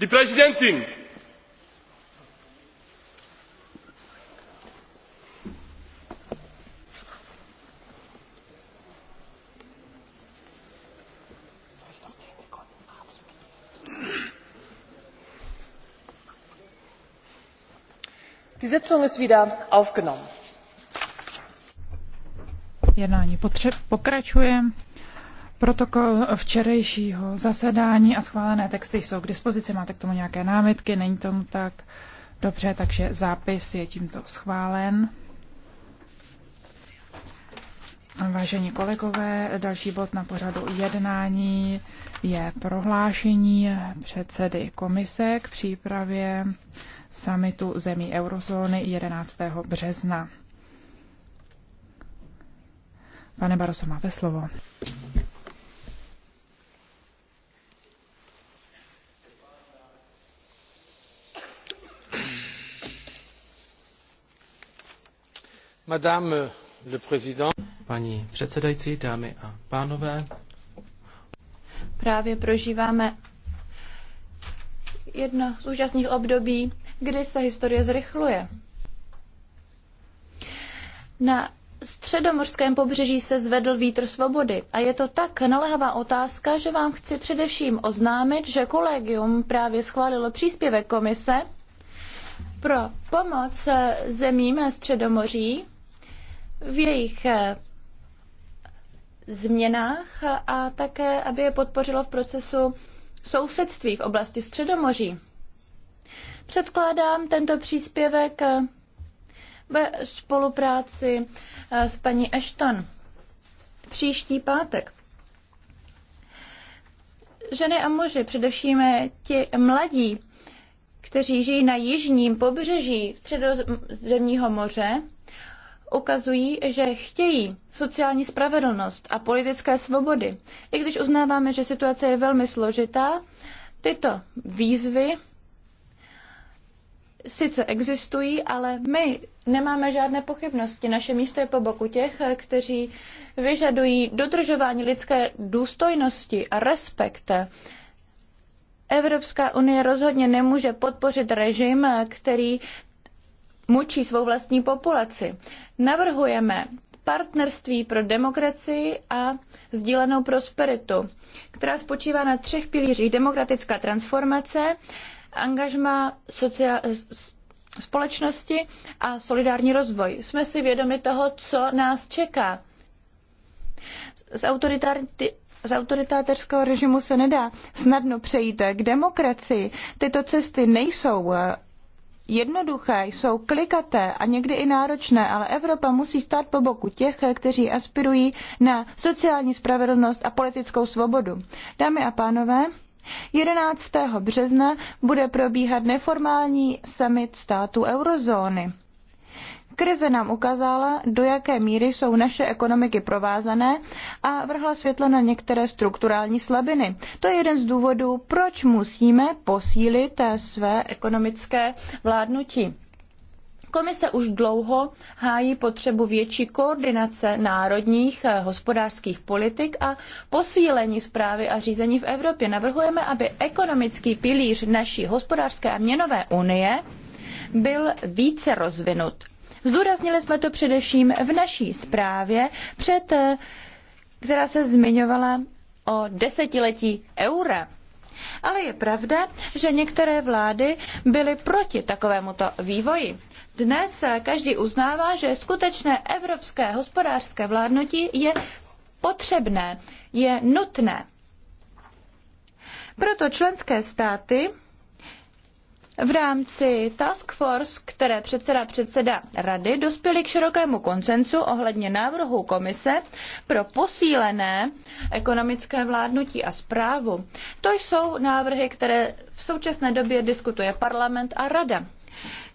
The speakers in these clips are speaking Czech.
Die Präsidentin! Die Sitzung ist wieder aufgenommen. Jednání pokračuje. Protokol včerejšího zasedání a schválené texty jsou k dispozici. Máte k tomu nějaké námitky? Není tomu tak? Dobře, takže zápis je tímto schválen. Vážení kolegové, další bod na pořadu jednání je prohlášení předsedy komise k přípravě samitu zemí eurozóny 11. března. Pane Baroso, máte slovo. Euh, Paní předsedající, dámy a pánové, právě prožíváme jedno z úžasných období, kdy se historie zrychluje. Na středomořském pobřeží se zvedl vítr svobody a je to tak naléhavá otázka, že vám chci především oznámit, že kolegium právě schválilo příspěvek komise pro pomoc zemím Středomoří v jejich eh, změnách a také, aby je podpořilo v procesu sousedství v oblasti Středomoří. Předkládám tento příspěvek eh, ve spolupráci eh, s paní Ashton příští pátek. Ženy a muži, především ti mladí, kteří žijí na jižním pobřeží Středozemního moře, ukazují, že chtějí sociální spravedlnost a politické svobody. I když uznáváme, že situace je velmi složitá, tyto výzvy sice existují, ale my nemáme žádné pochybnosti. Naše místo je po boku těch, kteří vyžadují dodržování lidské důstojnosti a respekt. Evropská unie rozhodně nemůže podpořit režim, který mučí svou vlastní populaci. Navrhujeme partnerství pro demokracii a sdílenou prosperitu, která spočívá na třech pilířích demokratická transformace, angažma společnosti a solidární rozvoj. Jsme si vědomi toho, co nás čeká. Z, autoritár, z autoritářského režimu se nedá snadno přejít k demokracii. Tyto cesty nejsou eh, jednoduché, jsou klikaté a někdy i náročné, ale Evropa musí stát po boku těch, kteří aspirují na sociální spravedlnost a politickou svobodu. Dámy a pánové, 11. března bude probíhat neformální summit států eurozóny. Krize nám ukázala, do jaké míry jsou naše ekonomiky provázané a vrhla světlo na některé strukturální slabiny. To je jeden z důvodů, proč musíme posílit eh, své ekonomické vládnutí. Komise už dlouho hájí potřebu větší koordinace národních eh, hospodářských politik a posílení zprávy a řízení v Evropě. Navrhujeme, aby ekonomický pilíř naší hospodářské a měnové unie byl více rozvinut. Zdůraznili jsme to především v naší zprávě, před, eh, která se zmiňovala o desetiletí eura. Ale je pravda, že některé vlády byly proti takovémuto vývoji. Dnes každý uznává, že skutečné evropské hospodářské vládnutí je potřebné, je nutné. Proto členské státy v rámci Task Force, které předseda předseda rady, dospěli k širokému konsensu ohledně návrhu komise pro posílené ekonomické vládnutí a správu. To jsou návrhy, které v současné době diskutuje parlament a rada.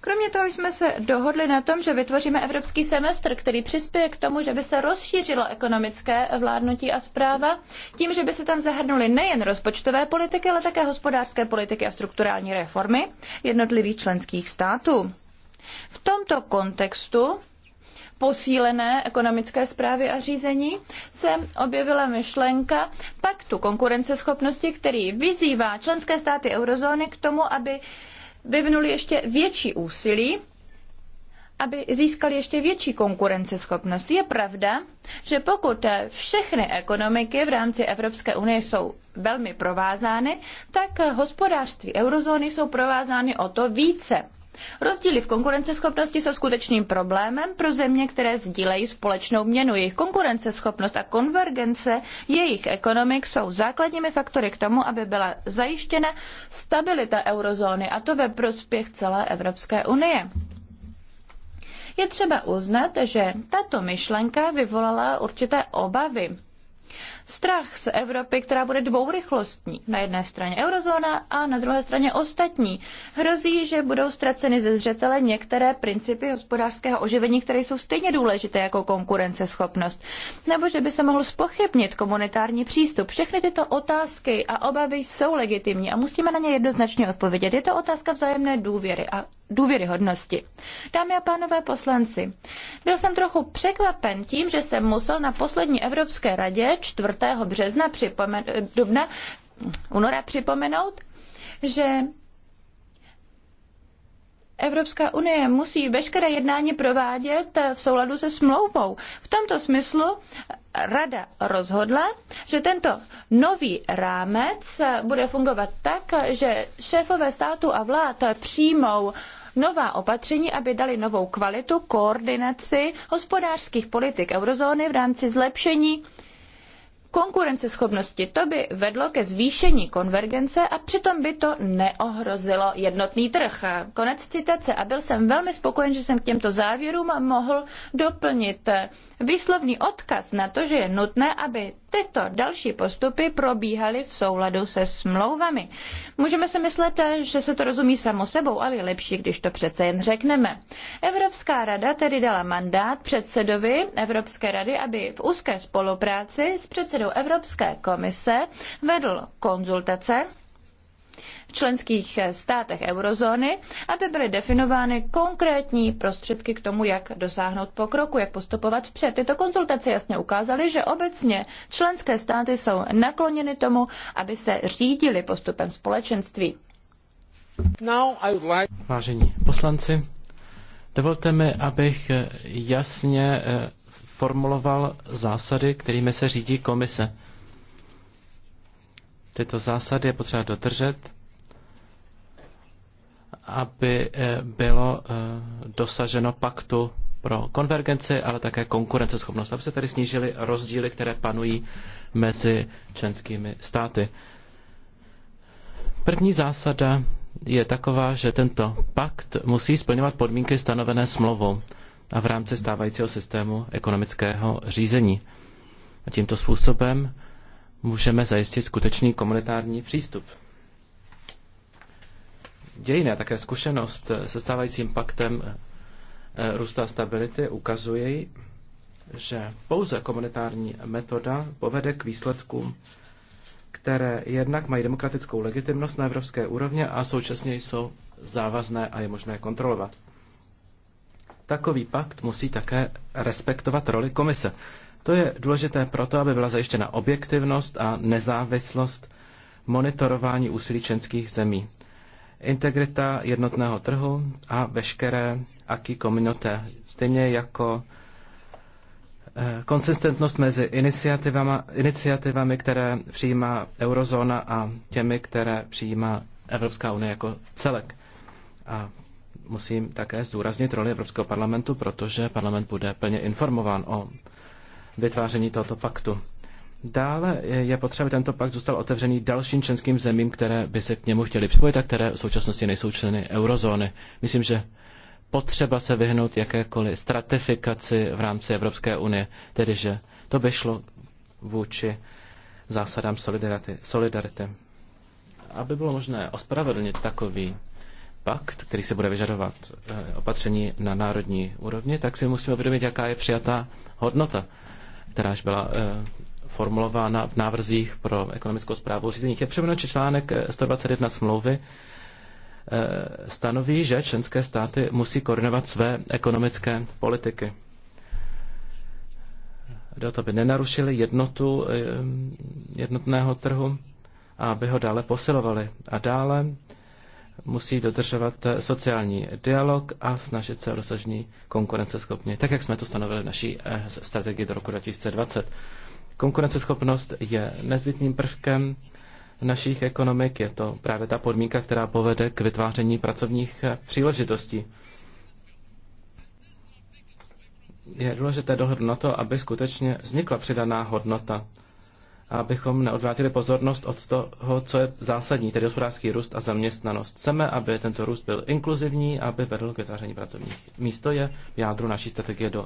Kromě toho jsme se dohodli na tom, že vytvoříme evropský semestr, který přispěje k tomu, že by se rozšířilo ekonomické vládnutí a zpráva, tím, že by se tam zahrnuly nejen rozpočtové politiky, ale také hospodářské politiky a strukturální reformy jednotlivých členských států. V tomto kontextu posílené ekonomické zprávy a řízení se objevila myšlenka paktu konkurenceschopnosti, který vyzývá členské státy eurozóny k tomu, aby vyvinuli ještě větší úsilí, aby získali ještě větší konkurenceschopnost. Je pravda, že pokud všechny ekonomiky v rámci Evropské unie jsou velmi provázány, tak hospodářství eurozóny jsou provázány o to více. Rozdíly v konkurenceschopnosti jsou skutečným problémem pro země, které sdílejí společnou měnu. Jejich konkurenceschopnost a konvergence jejich ekonomik jsou základními faktory k tomu, aby byla zajištěna stabilita eurozóny a to ve prospěch celé Evropské unie. Je třeba uznat, že tato myšlenka vyvolala určité obavy strach z Evropy, která bude dvourychlostní. Na jedné straně eurozóna a na druhé straně ostatní. Hrozí, že budou ztraceny ze zřetele některé principy hospodářského oživení, které jsou stejně důležité jako konkurenceschopnost. Nebo že by se mohl spochybnit komunitární přístup. Všechny tyto otázky a obavy jsou legitimní a musíme na ně jednoznačně odpovědět. Je to otázka vzájemné důvěry a důvěryhodnosti. Dámy a pánové poslanci, byl jsem trochu překvapen tím, že jsem musel na poslední Evropské radě 4. 4. března připomen, dubna, února připomenout, že Evropská unie musí veškeré jednání provádět v souladu se smlouvou. V tomto smyslu Rada rozhodla, že tento nový rámec bude fungovat tak, že šéfové států a vlád přijmou nová opatření, aby dali novou kvalitu koordinaci hospodářských politik eurozóny v rámci zlepšení konkurenceschopnosti. To by vedlo ke zvýšení konvergence a přitom by to neohrozilo jednotný trh. Konec citace. A byl jsem velmi spokojen, že jsem k těmto závěrům mohl doplnit výslovný odkaz na to, že je nutné, aby tyto další postupy probíhaly v souladu se smlouvami. Můžeme si myslet, že se to rozumí samo sebou, ale je lepší, když to přece jen řekneme. Evropská rada tedy dala mandát předsedovi Evropské rady, aby v úzké spolupráci s předsedou Evropské komise vedl konzultace v členských eh, státech eurozóny, aby byly definovány konkrétní prostředky k tomu, jak dosáhnout pokroku, jak postupovat vpřed. Tyto konzultace jasně ukázaly, že obecně členské státy jsou nakloněny tomu, aby se řídili postupem společenství. Vážení poslanci, dovolte mi, abych eh, jasně eh, formuloval zásady, kterými se řídí komise. Tyto zásady je potřeba dodržet, aby eh, bylo eh, dosaženo paktu pro konvergenci, ale také konkurenceschopnost, aby se tady snížily rozdíly, které panují mezi členskými státy. První zásada je taková, že tento pakt musí splňovat podmínky stanovené smlouvou a v rámci stávajícího systému ekonomického řízení. A tímto způsobem můžeme zajistit skutečný komunitární přístup. Dějiné také zkušenost se stávajícím paktem eh, růstu a stability ukazuje, že pouze komunitární metoda povede k výsledkům, které jednak mají demokratickou legitimnost na evropské úrovně a současně jsou závazné a je možné kontrolovat. Takový pakt musí také respektovat roli komise. To je důležité proto, aby byla zajištěna objektivnost a nezávislost monitorování úsilí členských zemí, integrita jednotného trhu a veškeré aký komunité, stejně jako eh, konsistentnost mezi iniciativami, iniciativami, které přijímá eurozóna a těmi, které přijímá Evropská unie jako celek. A musím také zdůraznit roli Evropského parlamentu, protože parlament bude plně informován o vytváření tohoto paktu. Dále je potřeba, aby tento pakt zůstal otevřený dalším členským zemím, které by se k němu chtěly připojit a které v současnosti nejsou členy eurozóny. Myslím, že potřeba se vyhnout jakékoliv stratifikaci v rámci Evropské unie, tedy že to by šlo vůči zásadám solidarity. solidarity. Aby bylo možné ospravedlnit takový pakt, který se bude vyžadovat eh, opatření na národní úrovni, tak si musíme uvědomit, jaká je přijatá hodnota kteráž byla eh, formulována v návrzích pro ekonomickou zprávu Řízení. Je přeměno, článek 121 eh, smlouvy eh, stanoví, že členské státy musí koordinovat své ekonomické politiky. Do to by nenarušili jednotu jednotného trhu a aby ho dále posilovali. A dále musí dodržovat sociální dialog a snažit se o dosažení konkurenceschopně, tak jak jsme to stanovili v naší eh, strategii do roku 2020. Konkurenceschopnost je nezbytným prvkem našich ekonomik. Je to právě ta podmínka, která povede k vytváření pracovních eh, příležitostí. Je důležité dohodnout na to, aby skutečně vznikla přidaná hodnota abychom neodvrátili pozornost od toho, co je zásadní, tedy hospodářský růst a zaměstnanost. Chceme, aby tento růst byl inkluzivní, aby vedl k vytváření pracovních míst. je v jádru naší strategie do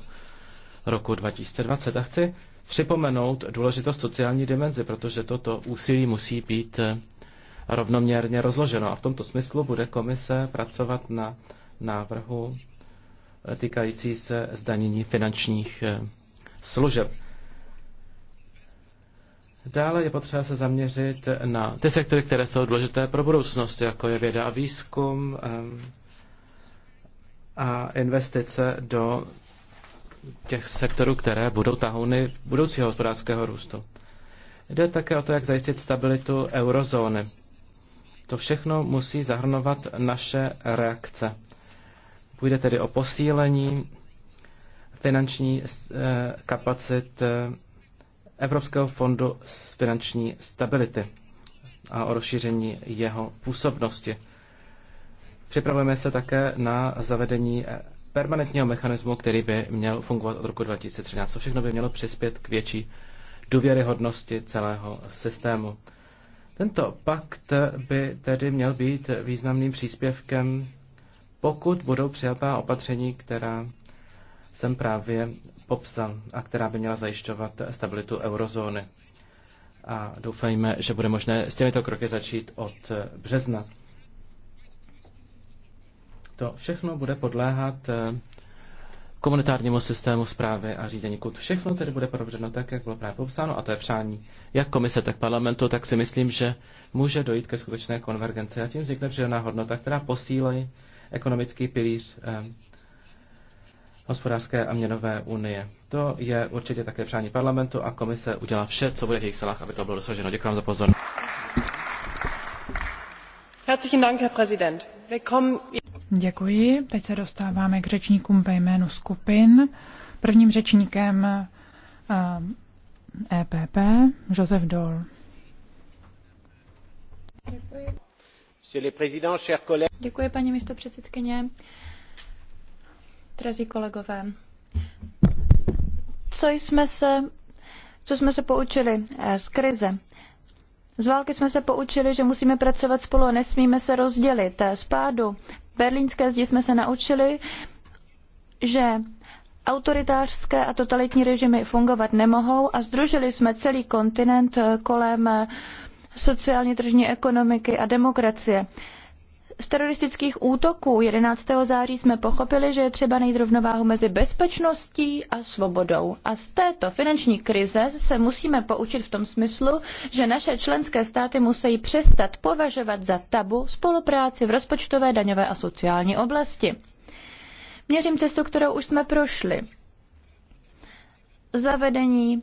roku 2020. A chci připomenout důležitost sociální dimenzi, protože toto úsilí musí být eh, rovnoměrně rozloženo. A v tomto smyslu bude komise pracovat na návrhu eh, týkající se zdanění finančních eh, služeb. Dále je potřeba se zaměřit na ty sektory, které jsou důležité pro budoucnost, jako je věda a výzkum ehm, a investice do těch sektorů, které budou tahouny budoucího hospodářského růstu. Jde také o to, jak zajistit stabilitu eurozóny. To všechno musí zahrnovat naše reakce. Půjde tedy o posílení finanční eh, kapacit eh, Evropského fondu z finanční stability a o rozšíření jeho působnosti. Připravujeme se také na zavedení permanentního mechanismu, který by měl fungovat od roku 2013. To všechno by mělo přispět k větší důvěryhodnosti celého systému. Tento pakt by tedy měl být významným příspěvkem, pokud budou přijatá opatření, která jsem právě popsal a která by měla zajišťovat stabilitu eurozóny. A doufejme, že bude možné s těmito kroky začít od března. To všechno bude podléhat eh, komunitárnímu systému zprávy a řízení KUT. Všechno tedy bude provedeno tak, jak bylo právě popsáno, a to je přání jak komise, tak parlamentu, tak si myslím, že může dojít ke skutečné konvergenci a tím vznikne přidaná hodnota, která posílí ekonomický pilíř eh, hospodářské a měnové unie. To je určitě také přání parlamentu a komise udělá vše, co bude v jejich silách, aby to bylo dosaženo. Děkuji vám za pozornost. Děkuji. Teď se dostáváme k řečníkům ve jménu skupin. Prvním řečníkem EPP, Josef Dol. Děkuji. Děkuji, paní místo předsedkyně. Drazí kolegové, co jsme se, co jsme se poučili eh, z krize? Z války jsme se poučili, že musíme pracovat spolu a nesmíme se rozdělit. Eh, z pádu berlínské zdi jsme se naučili, že autoritářské a totalitní režimy fungovat nemohou a združili jsme celý kontinent eh, kolem sociálně tržní ekonomiky a demokracie z teroristických útoků 11. září jsme pochopili, že je třeba najít rovnováhu mezi bezpečností a svobodou. A z této finanční krize se musíme poučit v tom smyslu, že naše členské státy musí přestat považovat za tabu spolupráci v rozpočtové, daňové a sociální oblasti. Měřím cestu, kterou už jsme prošli. Zavedení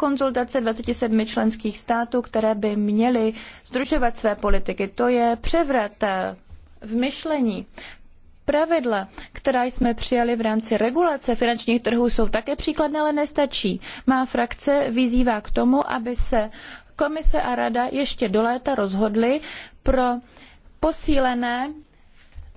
konzultace 27 členských států, které by měly združovat své politiky. To je převrat eh, v myšlení. Pravidla, která jsme přijali v rámci regulace finančních trhů, jsou také příkladné, ale nestačí. Má frakce vyzývá k tomu, aby se komise a rada ještě do léta rozhodly pro posílené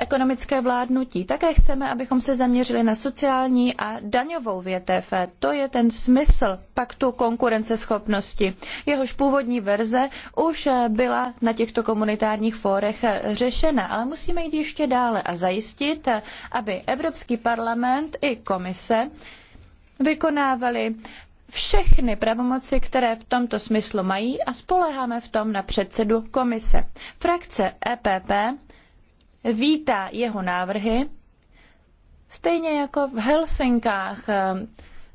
ekonomické vládnutí. Také chceme, abychom se zaměřili na sociální a daňovou větev. To je ten smysl paktu konkurenceschopnosti. Jehož původní verze už byla na těchto komunitárních fórech řešena, ale musíme jít ještě dále a zajistit, aby Evropský parlament i komise vykonávali všechny pravomoci, které v tomto smyslu mají a spoléháme v tom na předsedu komise. Frakce EPP vítá jeho návrhy, stejně jako v Helsinkách eh,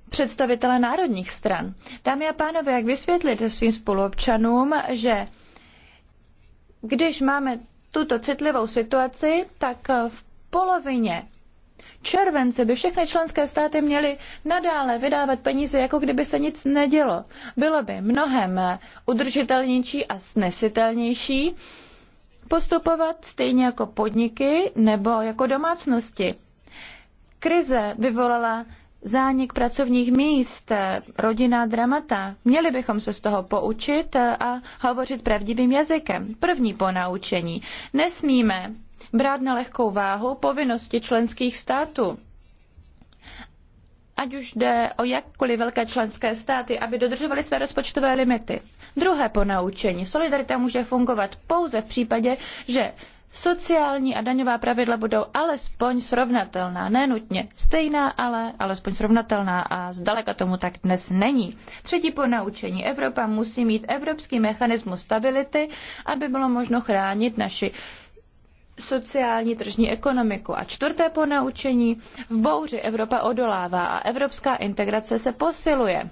představitele národních stran. Dámy a pánové, jak vysvětlit svým spoluobčanům, že když máme tuto citlivou situaci, tak v polovině července by všechny členské státy měly nadále vydávat peníze, jako kdyby se nic nedělo. Bylo by mnohem udržitelnější a snesitelnější, postupovat stejně jako podniky nebo jako domácnosti. Krize vyvolala zánik pracovních míst, rodinná dramata. Měli bychom se z toho poučit a hovořit pravdivým jazykem. První ponaučení. Nesmíme brát na lehkou váhu povinnosti členských států ať už jde o jakkoliv velké členské státy, aby dodržovaly své rozpočtové limity. Druhé ponaučení. Solidarita může fungovat pouze v případě, že sociální a daňová pravidla budou alespoň srovnatelná. Ne nutně stejná, ale alespoň srovnatelná a zdaleka tomu tak dnes není. Třetí ponaučení. Evropa musí mít evropský mechanismus stability, aby bylo možno chránit naši sociální tržní ekonomiku. A čtvrté ponaučení, v bouři Evropa odolává a evropská integrace se posiluje.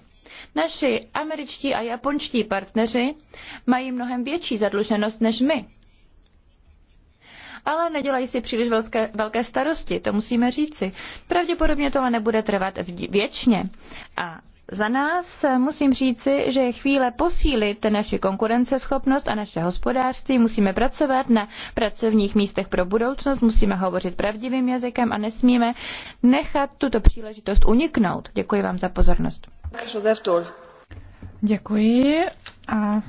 Naši američtí a japonští partneři mají mnohem větší zadluženost než my. Ale nedělají si příliš velké, velké starosti, to musíme říci. Pravděpodobně tohle nebude trvat věčně. A za nás eh, musím říci, že je chvíle posílit naši konkurenceschopnost a naše hospodářství. Musíme pracovat na pracovních místech pro budoucnost, musíme hovořit pravdivým jazykem a nesmíme nechat tuto příležitost uniknout. Děkuji vám za pozornost. Děkuji a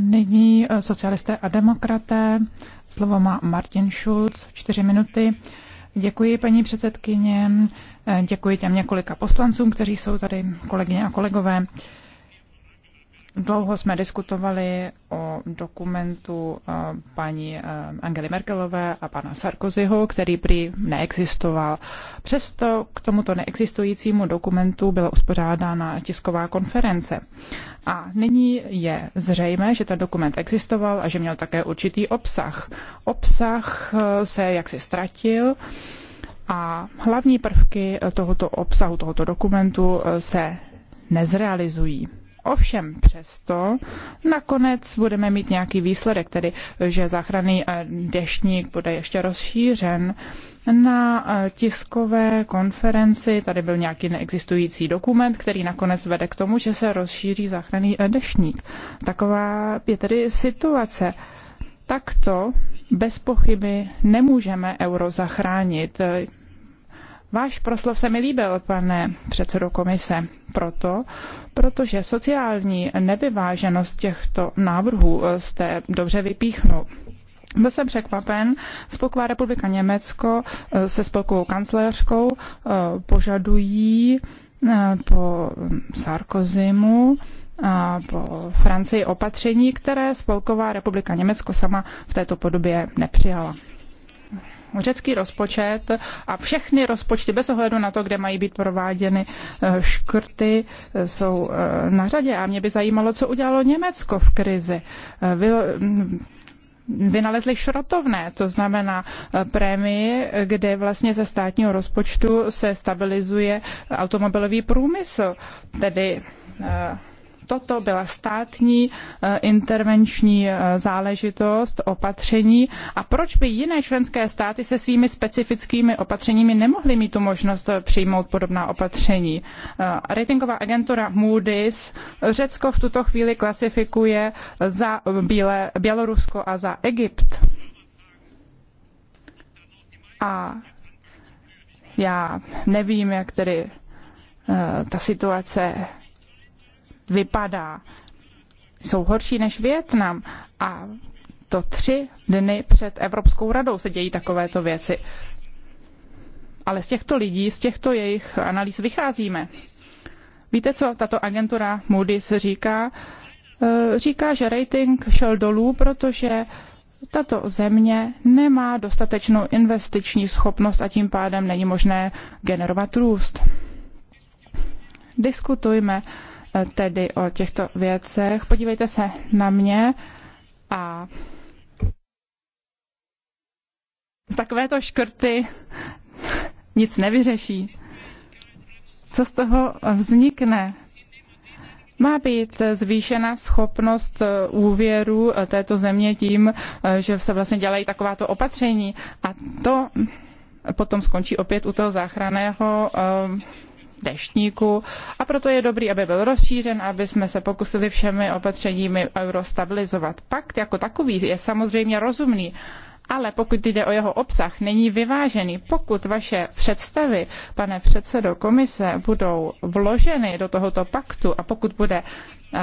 nyní eh, socialisté a demokraté. Slovo má Martin Schulz, čtyři minuty. Děkuji, paní předsedkyně. Děkuji těm několika poslancům, kteří jsou tady, kolegyně a kolegové. Dlouho jsme diskutovali o dokumentu eh, paní eh, Angely Merkelové a pana Sarkozyho, který prý neexistoval. Přesto k tomuto neexistujícímu dokumentu byla uspořádána tisková konference. A nyní je zřejmé, že ten dokument existoval a že měl také určitý obsah. Obsah eh, se jaksi ztratil a hlavní prvky eh, tohoto obsahu, tohoto dokumentu eh, se nezrealizují. Ovšem přesto nakonec budeme mít nějaký výsledek, tedy že záchranný eh, deštník bude ještě rozšířen. Na tiskové konferenci tady byl nějaký neexistující dokument, který nakonec vede k tomu, že se rozšíří záchranný deštník. Taková je tedy situace. Takto bez pochyby nemůžeme euro zachránit. Váš proslov se mi líbil, pane předsedo komise, proto, protože sociální nevyváženost těchto návrhů eh, jste dobře vypíchnul. Byl jsem překvapen. Spolková republika Německo eh, se spolkovou kancléřkou eh, požadují po Sarkozymu a po Francii opatření, které Spolková republika Německo sama v této podobě nepřijala řecký rozpočet a všechny rozpočty bez ohledu na to, kde mají být prováděny eh, škrty, eh, jsou eh, na řadě. A mě by zajímalo, co udělalo Německo v krizi. Vy, mm, vynalezli šrotovné, to znamená prémii, kde vlastně ze státního rozpočtu se stabilizuje automobilový průmysl, tedy toto byla státní eh, intervenční eh, záležitost, opatření a proč by jiné členské státy se svými specifickými opatřeními nemohly mít tu možnost eh, přijmout podobná opatření. Ratingová agentura Moody's Řecko v tuto chvíli klasifikuje za Bělorusko a za Egypt. A já nevím, jak tedy ta situace vypadá. Jsou horší než Větnam a to tři dny před Evropskou radou se dějí takovéto věci. Ale z těchto lidí, z těchto jejich analýz vycházíme. Víte, co tato agentura Moody's říká? E, říká, že rating šel dolů, protože tato země nemá dostatečnou investiční schopnost a tím pádem není možné generovat růst. Diskutujme tedy o těchto věcech. Podívejte se na mě a z takovéto škrty nic nevyřeší. Co z toho vznikne? Má být zvýšena schopnost úvěru této země tím, že se vlastně dělají takováto opatření. A to potom skončí opět u toho záchranného eh, deštníku a proto je dobrý, aby byl rozšířen, aby jsme se pokusili všemi opatřeními euro stabilizovat. Pakt jako takový je samozřejmě rozumný, ale pokud jde o jeho obsah, není vyvážený. Pokud vaše představy, pane předsedo komise, budou vloženy do tohoto paktu a pokud bude eh,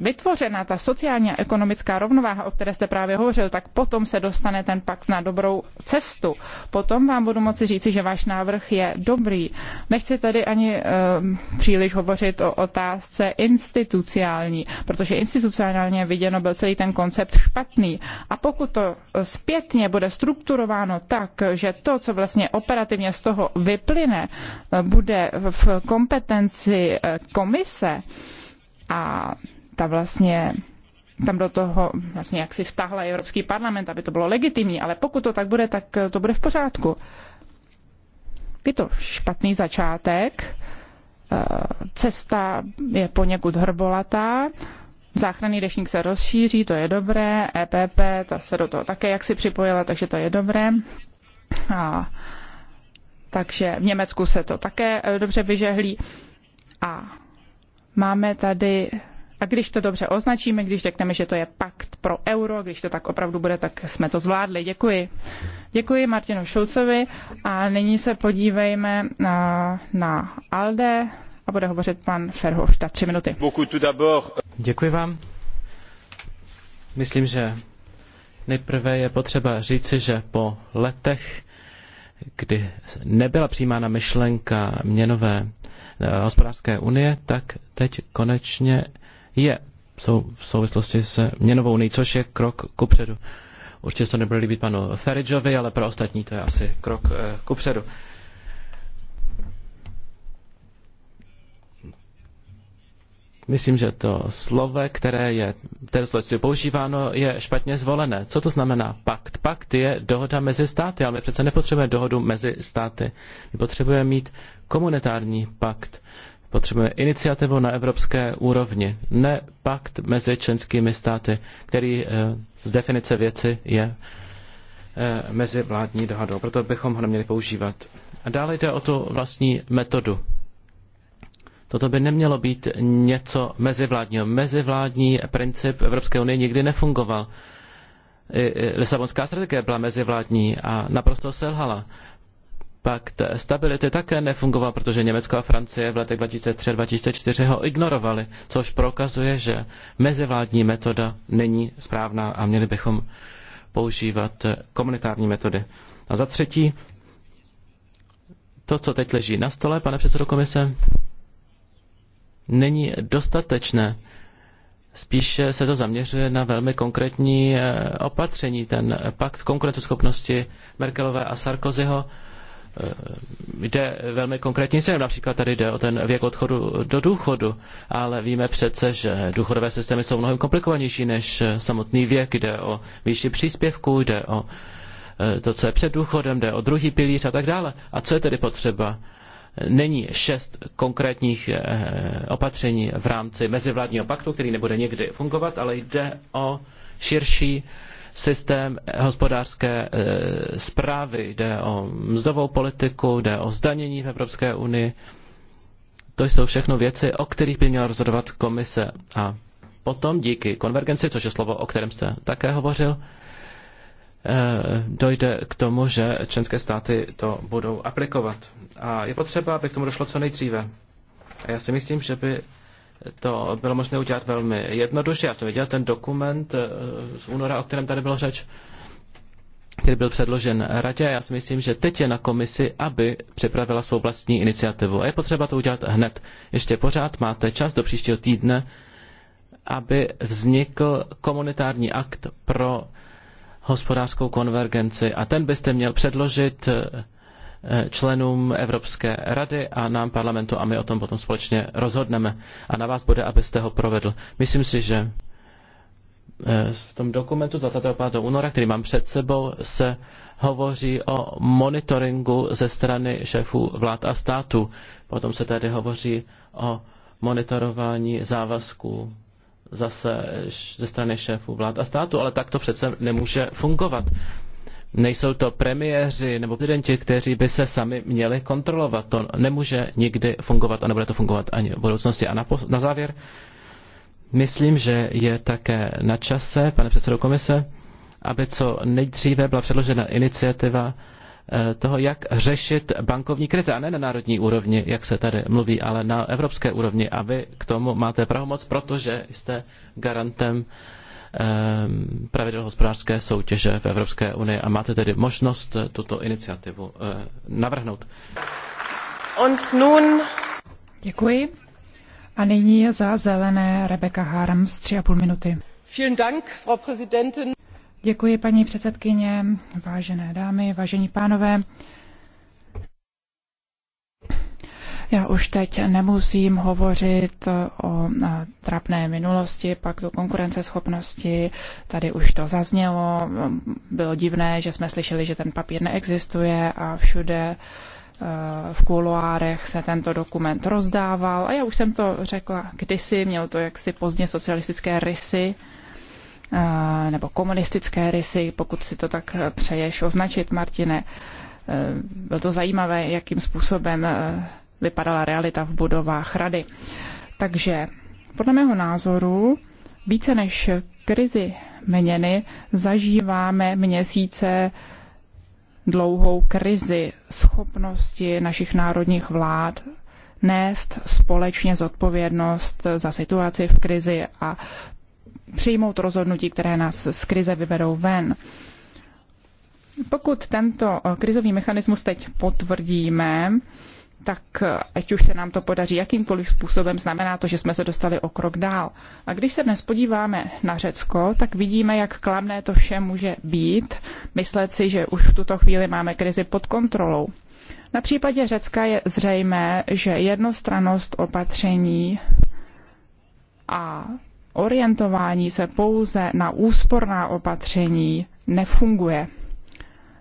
vytvořena ta sociální a ekonomická rovnováha, o které jste právě hovořil, tak potom se dostane ten pakt na dobrou cestu. Potom vám budu moci říci, že váš návrh je dobrý. Nechci tady ani um, příliš hovořit o otázce institucionální, protože institucionálně viděno byl celý ten koncept špatný. A pokud to eh, zpětně vlastně bude strukturováno tak, že to, co vlastně operativně z toho vyplyne, bude v kompetenci eh, komise a ta vlastně tam do toho vlastně jaksi vtahla Evropský parlament, aby to bylo legitimní, ale pokud to tak bude, tak eh, to bude v pořádku. Je to špatný začátek, eh, cesta je poněkud hrbolatá Záchranný dešník se rozšíří, to je dobré. EPP, ta se do toho také jaksi připojila, takže to je dobré. A, takže v Německu se to také eh, dobře vyžehlí. A máme tady a když to dobře označíme, když řekneme, že to je pakt pro euro, když to tak opravdu bude, tak jsme to zvládli. Děkuji. Děkuji Martinu Šulcovi a nyní se podívejme na, eh, na ALDE a bude hovořit pan Ferhofstadt. Tři minuty. Euh, Děkuji vám. Myslím, že nejprve je potřeba říci, že po letech, kdy nebyla přijímána myšlenka měnové eh, hospodářské unie, tak teď konečně je v souvislosti se měnovou unii, což je krok kupředu. Určitě to nebude líbit panu Feridžovi, ale pro ostatní to je asi krok eh, kupředu. Myslím, že to slovo, které je v této složce používáno, je špatně zvolené. Co to znamená pakt? Pakt je dohoda mezi státy, ale my přece nepotřebujeme dohodu mezi státy. My potřebujeme mít komunitární pakt. Potřebujeme iniciativu na evropské úrovni, ne pakt mezi členskými státy, který eh, z definice věci je eh, mezi vládní dohodou. Proto bychom ho neměli používat. A dále jde o tu vlastní metodu. Toto by nemělo být něco mezivládního. Mezivládní princip Evropské unie nikdy nefungoval. Lisabonská strategie byla mezivládní a naprosto selhala. Pakt stability také nefungoval, protože Německo a Francie v letech 2003 a 2004 ho ignorovali, což prokazuje, že mezivládní metoda není správná a měli bychom používat komunitární metody. A za třetí, to, co teď leží na stole, pane předsedo komise, není dostatečné. Spíše se to zaměřuje na velmi konkrétní eh, opatření. Ten pakt konkurenceschopnosti Merkelové a Sarkozyho eh, jde velmi konkrétní. směrem. Například tady jde o ten věk odchodu do důchodu, ale víme přece, že důchodové systémy jsou mnohem komplikovanější než eh, samotný věk. Jde o výši příspěvku, jde o to, co je před důchodem, jde o druhý pilíř a tak dále. A co je tedy potřeba? není šest konkrétních eh, opatření v rámci mezivládního paktu, který nebude někdy fungovat, ale jde o širší systém hospodářské zprávy, eh, jde o mzdovou politiku, jde o zdanění v Evropské unii. To jsou všechno věci, o kterých by měla rozhodovat komise. A potom díky konvergenci, což je slovo, o kterém jste také hovořil, Eh, dojde k tomu, že členské státy to budou aplikovat. A je potřeba, aby k tomu došlo co nejdříve. A já si myslím, že by to bylo možné udělat velmi jednoduše. Já jsem viděl ten dokument eh, z února, o kterém tady bylo řeč, který byl předložen radě já si myslím, že teď je na komisi, aby připravila svou vlastní iniciativu. A je potřeba to udělat hned. Ještě pořád máte čas do příštího týdne, aby vznikl komunitární akt pro hospodářskou konvergenci a ten byste měl předložit eh, eh, členům Evropské rady a nám parlamentu a my o tom potom společně rozhodneme. A na vás bude, abyste ho provedl. Myslím si, že eh, v tom dokumentu 25. února, který mám před sebou, se hovoří o monitoringu ze strany šéfů vlád a států. Potom se tady hovoří o monitorování závazků zase ze strany šéfů vlád a státu, ale tak to přece nemůže fungovat. Nejsou to premiéři nebo prezidenti, kteří by se sami měli kontrolovat. To nemůže nikdy fungovat a nebude to fungovat ani v budoucnosti. A na, na závěr, myslím, že je také na čase, pane předsedo komise, aby co nejdříve byla předložena iniciativa Eh, toho, jak řešit bankovní krize, a ne na národní úrovni, jak se tady mluví, ale na evropské úrovni. A vy k tomu máte pravomoc, protože jste garantem eh, pravidel hospodářské soutěže v Evropské unii a máte tedy možnost tuto iniciativu eh, navrhnout. Und nun... Děkuji. A nyní je za zelené Rebecca Harms, tři a půl minuty. Vielen Dank, Frau Präsidentin. Děkuji, paní předsedkyně, vážené dámy, vážení pánové. Já už teď nemusím hovořit o eh, trapné minulosti, pak do konkurenceschopnosti. Tady už to zaznělo. Bylo divné, že jsme slyšeli, že ten papír neexistuje a všude eh, v kuloárech se tento dokument rozdával. A já už jsem to řekla kdysi, měl to jaksi pozdně socialistické rysy. Eh, nebo komunistické rysy, pokud si to tak eh, přeješ označit, Martine. Eh, bylo to zajímavé, jakým způsobem vypadala realita v budovách rady. Takže podle mého názoru více než krizi měny zažíváme měsíce dlouhou krizi schopnosti našich národních vlád nést společně zodpovědnost za situaci v krizi a přijmout rozhodnutí, které nás z krize vyvedou ven. Pokud tento eh, krizový mechanismus teď potvrdíme, tak eh, ať už se nám to podaří jakýmkoliv způsobem, znamená to, že jsme se dostali o krok dál. A když se dnes podíváme na Řecko, tak vidíme, jak klamné to vše může být, myslet si, že už v tuto chvíli máme krizi pod kontrolou. Na případě Řecka je zřejmé, že jednostranost opatření a orientování se pouze na úsporná opatření nefunguje.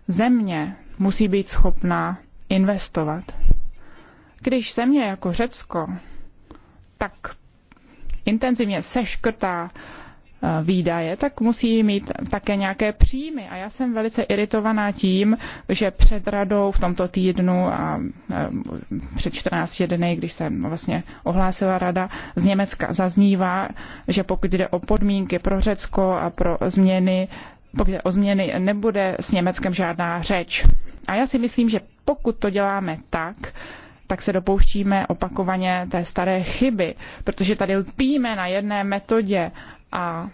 Země musí být schopná investovat. Když země jako Řecko tak intenzivně seškrtá výdaje, tak musí mít také nějaké příjmy. A já jsem velice iritovaná tím, že před radou v tomto týdnu a e, před 14 dny, když se vlastně ohlásila rada, z Německa zaznívá, že pokud jde o podmínky pro Řecko a pro změny, pokud jde o změny, nebude s Německem žádná řeč. A já si myslím, že pokud to děláme tak, tak se dopouštíme opakovaně té staré chyby, protože tady lpíme na jedné metodě a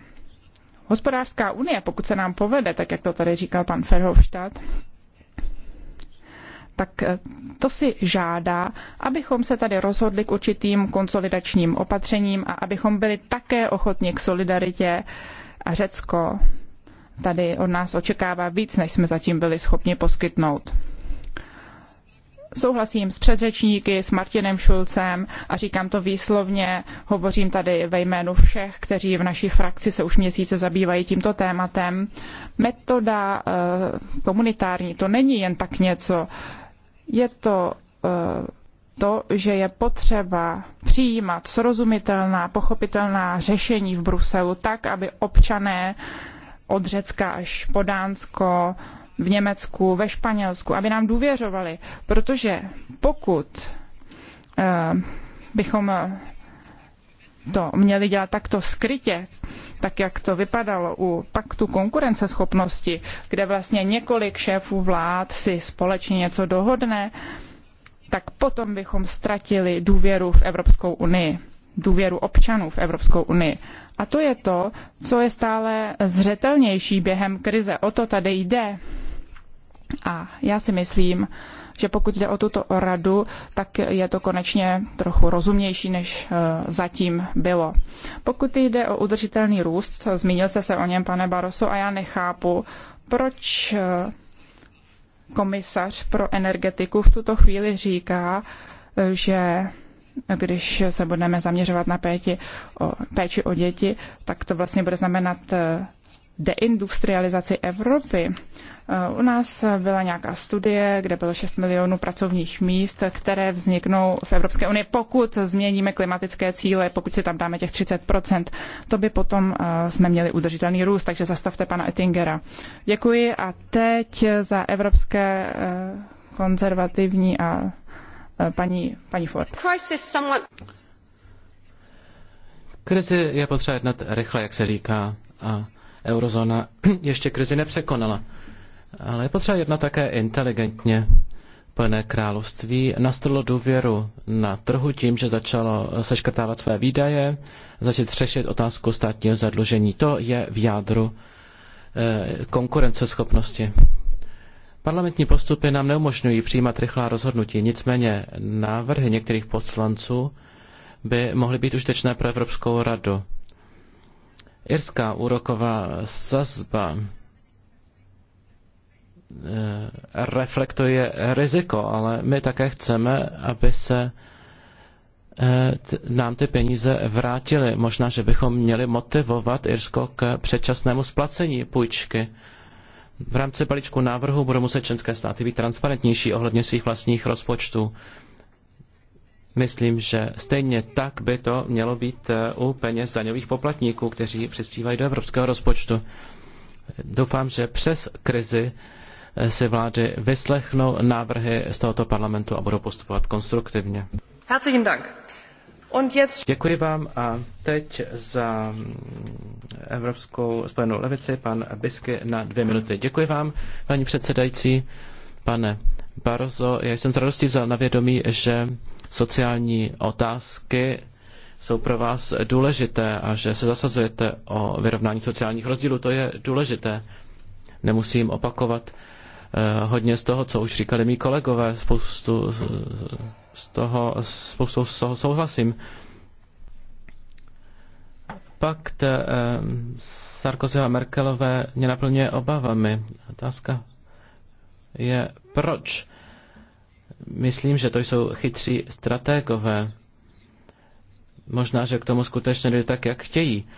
hospodářská unie, pokud se nám povede, tak jak to tady říkal pan Ferhofstadt, tak eh, to si žádá, abychom se tady rozhodli k určitým konsolidačním opatřením a abychom byli také ochotni k solidaritě a Řecko tady od nás očekává víc, než jsme zatím byli schopni poskytnout souhlasím s předřečníky, s Martinem Šulcem a říkám to výslovně, hovořím tady ve jménu všech, kteří v naší frakci se už měsíce zabývají tímto tématem. Metoda eh, komunitární to není jen tak něco, je to eh, to, že je potřeba přijímat srozumitelná, pochopitelná řešení v Bruselu tak, aby občané od Řecka až po Dánsko v Německu, ve Španělsku, aby nám důvěřovali, protože pokud eh, bychom eh, to měli dělat takto skrytě, tak jak to vypadalo u paktu konkurenceschopnosti, kde vlastně několik šéfů vlád si společně něco dohodne, tak potom bychom ztratili důvěru v Evropskou unii, důvěru občanů v Evropskou unii. A to je to, co je stále zřetelnější během krize. O to tady jde. A já si myslím, že pokud jde o tuto radu, tak je to konečně trochu rozumnější, než eh, zatím bylo. Pokud jde o udržitelný růst, zmínil jste se o něm, pane Baroso, a já nechápu, proč eh, komisař pro energetiku v tuto chvíli říká, eh, že když se budeme zaměřovat na péči o, péči o děti, tak to vlastně bude znamenat eh, deindustrializaci Evropy. Eh, u nás byla nějaká studie, kde bylo 6 milionů pracovních míst, které vzniknou v Evropské unii, pokud změníme klimatické cíle, pokud si tam dáme těch 30%, to by potom eh, jsme měli udržitelný růst, takže zastavte pana Ettingera. Děkuji a teď za evropské konzervativní a Eh, paní, paní Ford. Krizi je potřeba jednat rychle, jak se říká, a eurozóna ještě krizi nepřekonala. Ale je potřeba jednat také inteligentně. Spojené království nastalo důvěru na trhu tím, že začalo seškrtávat své výdaje, začít řešit otázku státního zadlužení. To je v jádru eh, konkurenceschopnosti. Parlamentní postupy nám neumožňují přijímat rychlá rozhodnutí, nicméně návrhy některých poslanců by mohly být užitečné pro Evropskou radu. Irská úroková sazba eh, reflektuje riziko, ale my také chceme, aby se eh, nám ty peníze vrátily. Možná, že bychom měli motivovat Irsko k předčasnému splacení půjčky. V rámci balíčku návrhu budou muset členské státy být transparentnější ohledně svých vlastních rozpočtů. Myslím, že stejně tak by to mělo být eh, u peněz daňových poplatníků, kteří přispívají do evropského rozpočtu. Doufám, že přes krizi eh, si vlády vyslechnou návrhy z tohoto parlamentu a budou postupovat konstruktivně. Herzlichen Dank. Děkuji vám a teď za mm, Evropskou spojenou levici pan Bisky na dvě minuty. Děkuji vám, paní předsedající, pane Barozo. Já jsem s radostí vzal na vědomí, že sociální otázky jsou pro vás důležité a že se zasazujete o vyrovnání sociálních rozdílů. To je důležité. Nemusím opakovat eh, hodně z toho, co už říkali mý kolegové. Spoustu z toho, spoustou z toho souhlasím. te, eh, Sarkozyho a Merkelové mě naplňuje obavami. Otázka je, proč? Myslím, že to jsou chytří strategové. Možná, že k tomu skutečně jde tak, jak chtějí. Eh,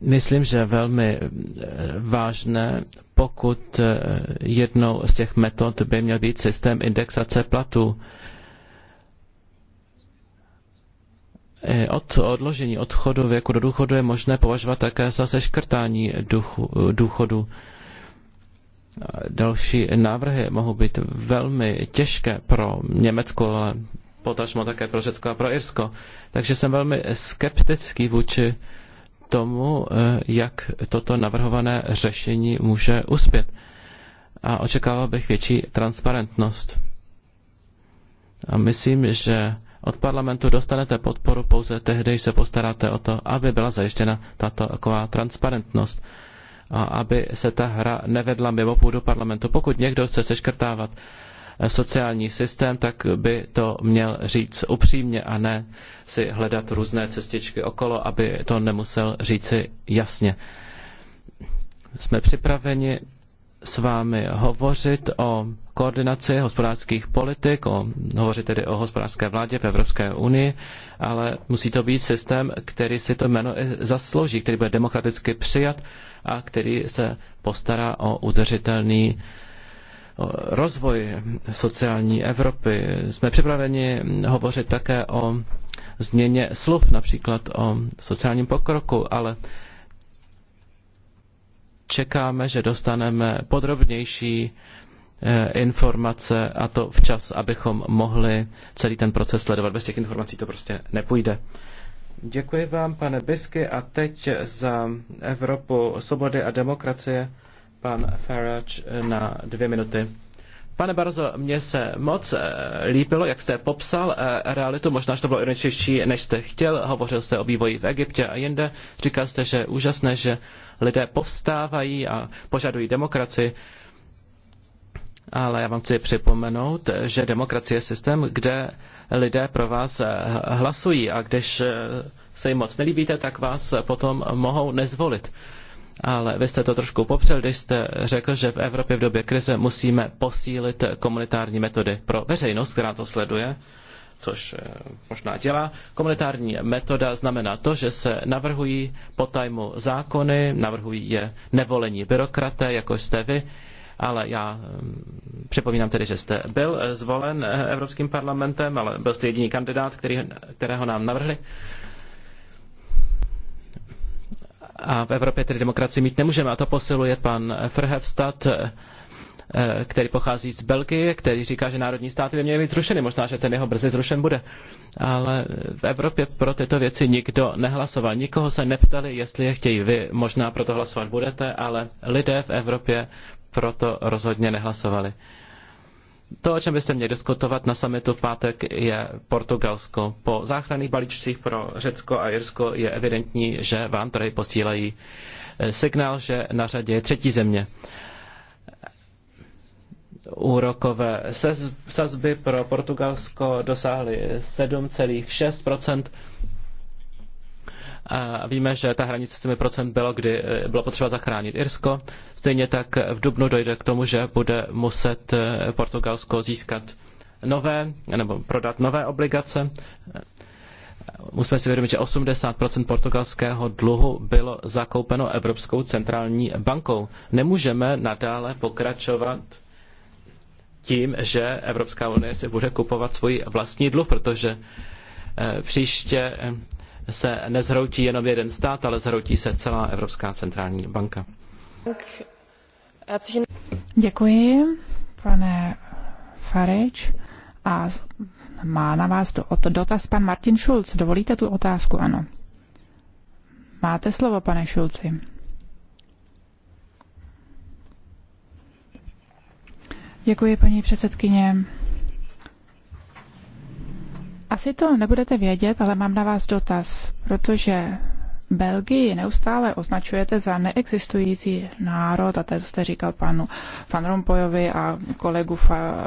myslím, že velmi eh, vážné, pokud eh, jednou z těch metod by měl být systém indexace platů. Eh, od odložení odchodu věku do důchodu je možné považovat také za seškrtání důchodu. Další návrhy mohou být velmi těžké pro Německo, ale potažmo také pro Řecko a pro Irsko. Takže jsem velmi skeptický vůči tomu, eh, jak toto navrhované řešení může uspět. A očekával bych větší transparentnost. A myslím, že od parlamentu dostanete podporu pouze tehdy, když se postaráte o to, aby byla zajištěna tato taková transparentnost a aby se ta hra nevedla mimo půdu parlamentu. Pokud někdo chce seškrtávat sociální systém, tak by to měl říct upřímně a ne si hledat různé cestičky okolo, aby to nemusel říci jasně. Jsme připraveni s vámi hovořit o koordinaci hospodářských politik, o, hovořit tedy o hospodářské vládě v Evropské unii, ale musí to být systém, který si to jméno zaslouží, který bude demokraticky přijat a který se postará o udržitelný rozvoj sociální Evropy. Jsme připraveni hovořit také o změně slov, například o sociálním pokroku, ale čekáme, že dostaneme podrobnější eh, informace a to včas, abychom mohli celý ten proces sledovat. Bez těch informací to prostě nepůjde. Děkuji vám, pane Bisky, a teď za Evropu svobody a demokracie pan Farage eh, na dvě minuty. Pane Barzo, mně se moc eh, líbilo, jak jste popsal eh, realitu, možná, že to bylo ironičtější, než jste chtěl. Hovořil jste o vývoji v Egyptě a jinde. Říkal jste, že je úžasné, že lidé povstávají a požadují demokracii. Ale já vám chci připomenout, že demokracie je systém, kde lidé pro vás hlasují a když se jim moc nelíbíte, tak vás potom mohou nezvolit ale vy jste to trošku popřel, když jste řekl, že v Evropě v době krize musíme posílit komunitární metody pro veřejnost, která to sleduje což eh, možná dělá. Komunitární metoda znamená to, že se navrhují potajmu zákony, navrhují je nevolení byrokraté, jako jste vy, ale já mm, připomínám tedy, že jste byl eh, zvolen eh, Evropským parlamentem, ale byl jste jediný kandidát, který, kterého nám navrhli a v Evropě tedy demokracii mít nemůžeme. A to posiluje pan Frhevstad, eh, který pochází z Belgie, který říká, že národní státy by měly být zrušeny. Možná, že ten jeho brzy zrušen bude. Ale v Evropě pro tyto věci nikdo nehlasoval. Nikoho se neptali, jestli je chtějí vy. Možná proto hlasovat budete, ale lidé v Evropě proto rozhodně nehlasovali. To, o čem byste měli diskutovat na summitu v pátek, je Portugalsko. Po záchranných balíčcích pro Řecko a Jirsko je evidentní, že vám tady posílají eh, signál, že na řadě je třetí země. Úrokové sazby pro Portugalsko dosáhly 7,6 a víme, že ta hranice 7% bylo, kdy eh, bylo potřeba zachránit Irsko. Stejně tak v Dubnu dojde k tomu, že bude muset eh, Portugalsko získat nové, nebo prodat nové obligace. Musíme si vědomit, že 80% portugalského dluhu bylo zakoupeno Evropskou centrální bankou. Nemůžeme nadále pokračovat tím, že Evropská unie si bude kupovat svůj vlastní dluh, protože eh, příště se nezhroutí jenom jeden stát, ale zhroutí se celá Evropská centrální banka. Děkuji, pane Farič. A má na vás do, dotaz pan Martin Schulz. Dovolíte tu otázku? Ano. Máte slovo, pane Šulci. Děkuji, paní předsedkyně. Asi to nebudete vědět, ale mám na vás dotaz, protože Belgii neustále označujete za neexistující národ, a to jste říkal panu Van Rompuyovi a kolegu Fa,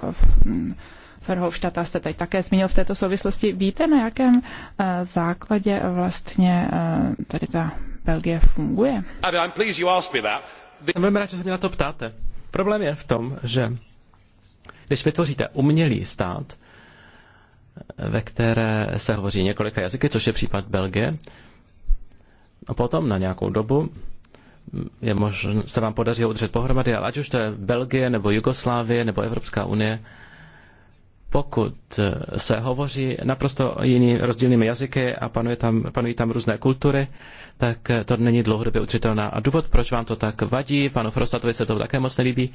Verhofstadta jste teď také zmínil v této souvislosti. Víte, na jakém uh, základě vlastně uh, tady ta Belgie funguje? Jsem velmi rád, že se mě na to ptáte. Problém je v tom, že když vytvoříte umělý stát, ve které se hovoří několika jazyky, což je případ Belgie. A potom na nějakou dobu je možno, se vám podaří ho udržet pohromady, ale ať už to je Belgie, nebo Jugoslávie, nebo Evropská unie, pokud se hovoří naprosto jiný, rozdílnými jazyky a panuje tam, panují tam různé kultury, tak to není dlouhodobě udržitelná. A důvod, proč vám to tak vadí, panu Frostatovi se to také moc nelíbí,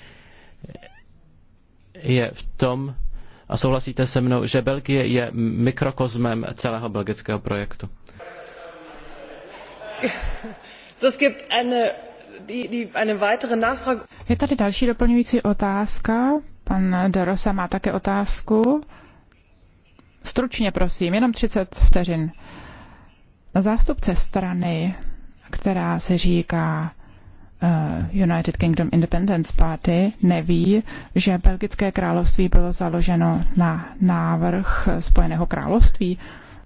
je v tom, a souhlasíte se mnou, že Belgie je mikrokozmem celého belgického projektu. Je tady další doplňující otázka. Pan Derosa má také otázku. Stručně prosím, jenom 30 vteřin. Zástupce strany, která se říká Eh, United Kingdom Independence Party neví, že Belgické království bylo založeno na návrh Spojeného království.